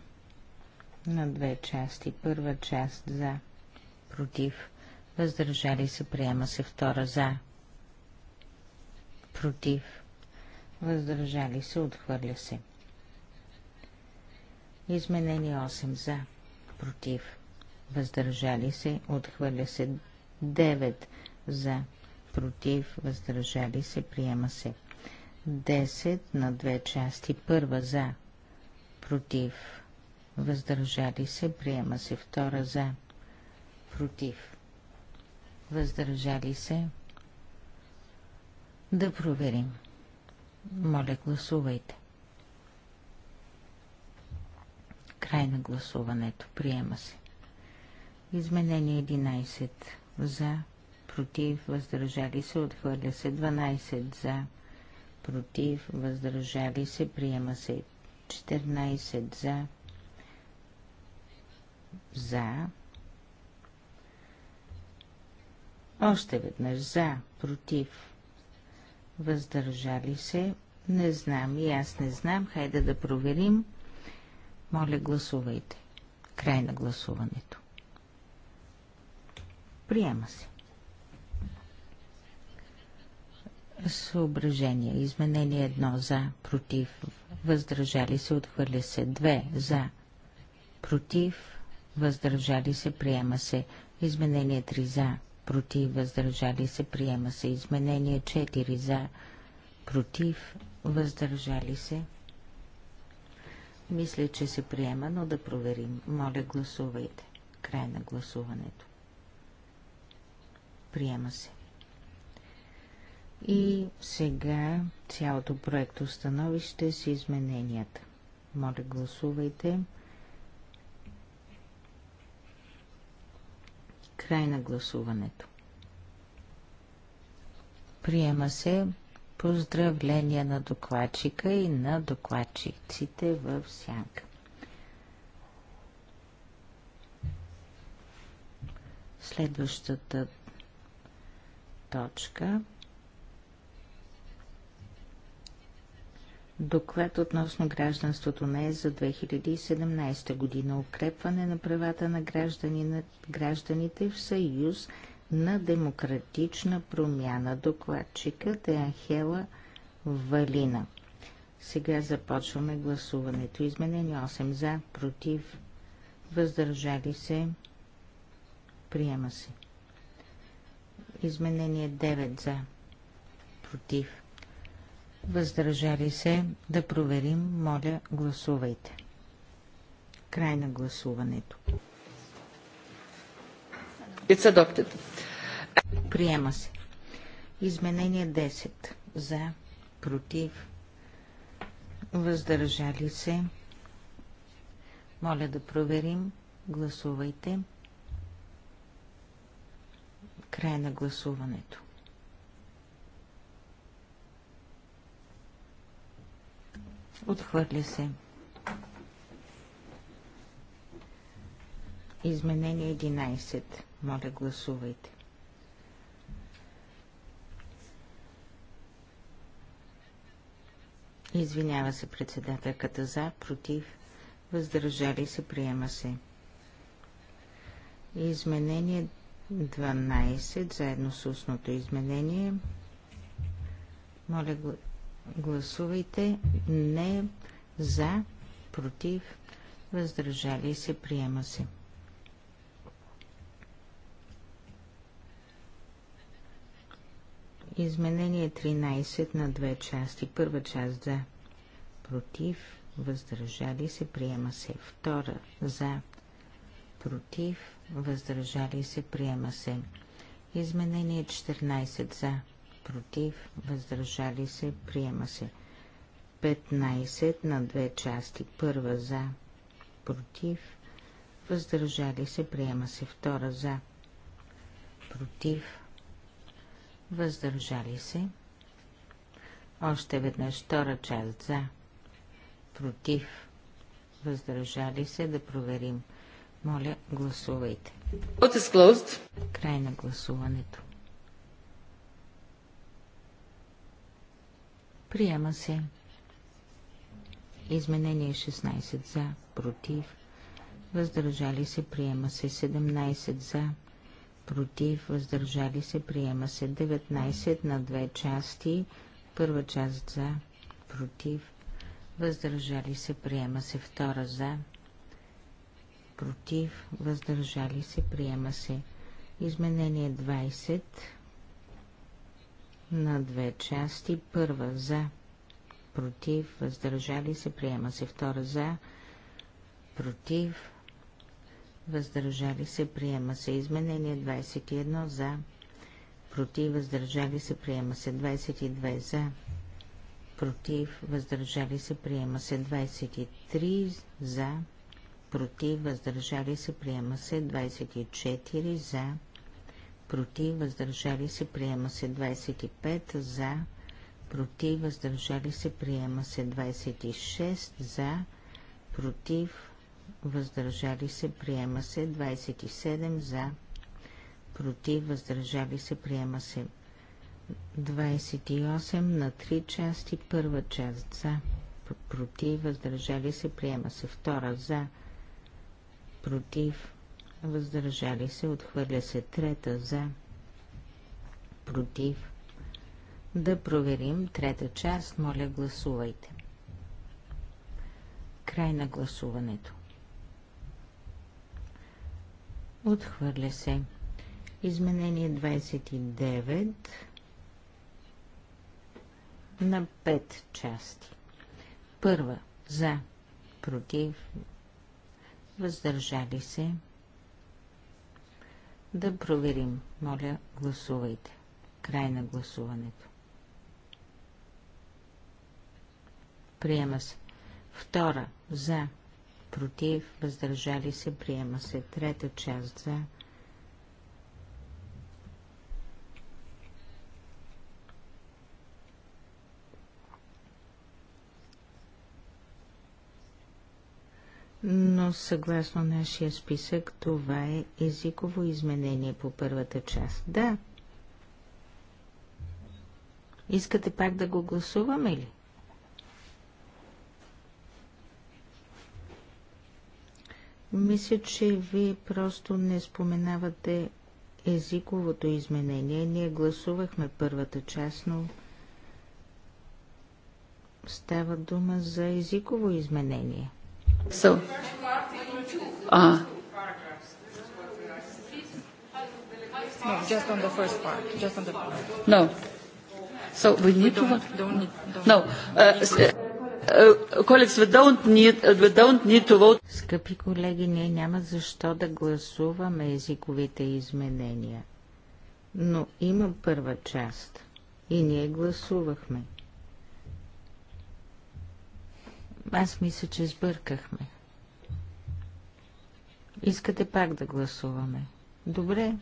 на две части. Първа част за, против, въздържали се, приема се. Втора за, против, въздържали се, отхвърля се. Изменение 8 за, против, въздържали се, отхвърля се 9 за, против, въздържали се, приема се 10 на две части, първа за, против, въздържали се, приема се втора за, против, въздържали се, да проверим. Моля, гласувайте. Край на гласуването. Приема се. Изменение 11 за, против, въздържали се, отхвърля се 12 за, против, въздържали се, приема се 14 за, за, още веднъж за, против, въздържали се, не знам и аз не знам, хайде да проверим. Моля, гласувайте. Край на гласуването. Приема се. Съображение. Изменение 1 за, против, въздържали се, отхвърля се. 2 за, против, въздържали се, приема се. Изменение 3 за, против, въздържали се, приема се. Изменение 4 за, против, въздържали се. Мисля, че се приема, но да проверим. Моля, гласувайте. Край на гласуването. Приема се. И сега цялото проекто становище с измененията. Моля, гласувайте. Край на гласуването. Приема се поздравления на докладчика и на докладчиците в сянка. Следващата точка. Доклад относно гражданството не е за 2017 година. Укрепване на правата на гражданите в Съюз на демократична промяна. Докладчикът е Анхела Валина. Сега започваме гласуването. Изменени 8 за, против, въздържали се, приема се. Изменение 9 за. Против. Въздържали се. Да проверим. Моля, гласувайте. Край на гласуването. It's adopted. Приема се. Изменение 10. За. Против. Въздържали се. Моля да проверим. Гласувайте. Край на гласуването. Отхвърля се. Изменение 11. Моля, гласувайте. Извинява се председателката за, против, въздържали се, приема се. Изменение 12, заедно с устното изменение. Моля, гласувайте не за, против, въздържали се, приема се. Изменение 13 на две части. Първа част за, против, въздържали се, приема се. Втора за, против, въздържали се, приема се. Изменение 14 за, против, въздържали се, приема се. 15 на две части, първа за, против, въздържали се, приема се. Втора за, против, въздържали се. Още веднъж втора част за, против, въздържали се, да проверим. Моля, гласувайте. Край на гласуването. Приема се. Изменение 16 за, против, въздържали се, приема се 17 за, против, въздържали се, приема се 19 на две части, първа част за, против, въздържали се, приема се втора за, против, въздържали се, приема се. Изменение 20 на две части. Първа за, против, въздържали се, приема се. Втора за, против, въздържали се, приема се. Изменение 21 за, против, въздържали се, приема се. 22 за, против, въздържали се, приема се. 23 за, против, против, въздържали се, приема се 24 за, против, въздържали се, приема се 25 за, против, въздържали се, приема се 26 за, против, въздържали се, приема се 27 за, против, въздържали се, приема се 28 на 3 части, първа част за, против, въздържали се, приема се втора за, против, против, въздържали се, отхвърля се трета за, против. Да проверим трета част, моля гласувайте. Край на гласуването. Отхвърля се. Изменение 29 на 5 части. Първа за, против, въздържали се. Да проверим. Моля, гласувайте. Край на гласуването. Приема се. Втора. За. Против. Въздържали се. Приема се. Трета част. За. но съгласно нашия списък това е езиково изменение по първата част. Да. Искате пак да го гласуваме ли? Мисля, че вие просто не споменавате езиковото изменение. Ние гласувахме първата част, но става дума за езиково изменение – So,
uh,
No, just on the first part. Just on the part.
No. So we need we don't, to.
Don't need,
don't no. Uh, uh, colleagues, we don't need. We don't need to vote. Скъпи колеги, ние няма защо да гласуваме езиковите изменения. Но има първа част и ние гласувахме. Аз мисля, че сбъркахме. Искате пак да гласуваме. Добре.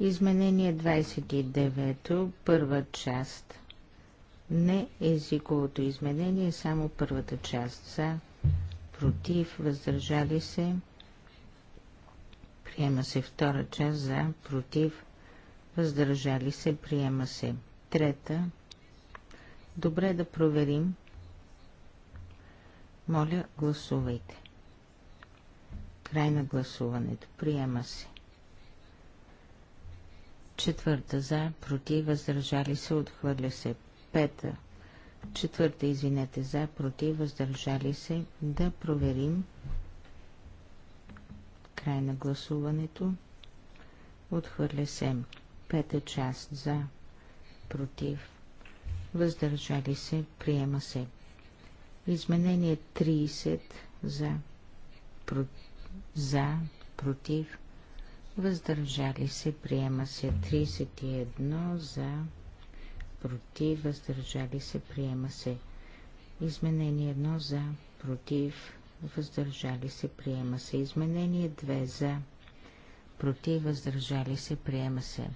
Изменение 29-то, първа част. Не е езиковото изменение, е само първата част. За, против, въздържали се. Приема се втора част за, против, въздържали се, приема се. Трета. Добре да проверим. Моля, гласувайте. Край на гласуването. Приема се. Четвърта за, против, въздържали се, отхвърля се. Пета. Четвърта, извинете, за, против, въздържали се. Да проверим. Край на гласуването. Отхвърля се. Пета част за, против, въздържали се, приема се. Изменение 30 за, про, за против, въздържали се, приема се 31 за, против, въздържали се, приема се. Изменение 1 за, против, въздържали се, приема се. Изменение 2 за, против, въздържали се, приема се.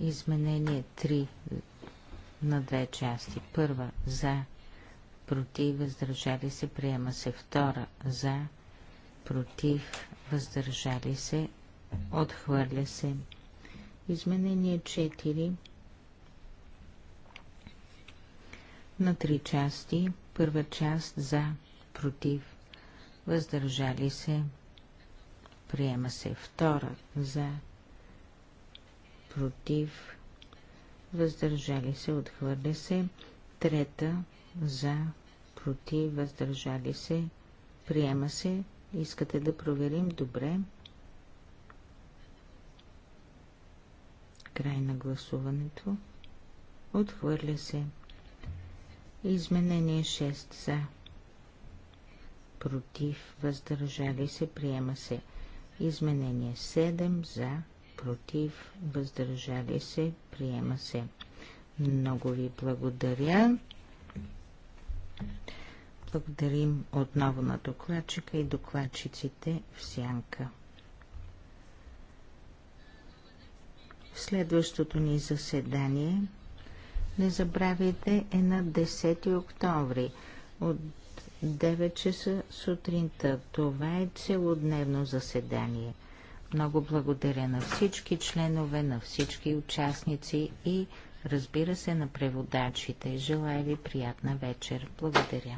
Изменение 3 на две части. Първа за, против, въздържали се, приема се. Втора за, против, въздържали се, отхвърля се. Изменение 4 на три части. Първа част за, против, въздържали се, приема се. Втора за, против, въздържали се, отхвърля се. Трета за, против, въздържали се, приема се. Искате да проверим? Добре. Край на гласуването. Отхвърля се. Изменение 6 за. Против, въздържали се, приема се. Изменение 7 за, против, въздържали се, приема се. Много ви благодаря. Благодарим отново на докладчика и докладчиците в сянка. В следващото ни заседание, не забравяйте, е на 10 октомври от 9 часа сутринта. Това е целодневно заседание. Много благодаря на всички членове, на всички участници и разбира се, на преводачите. Желая ви приятна вечер. Благодаря.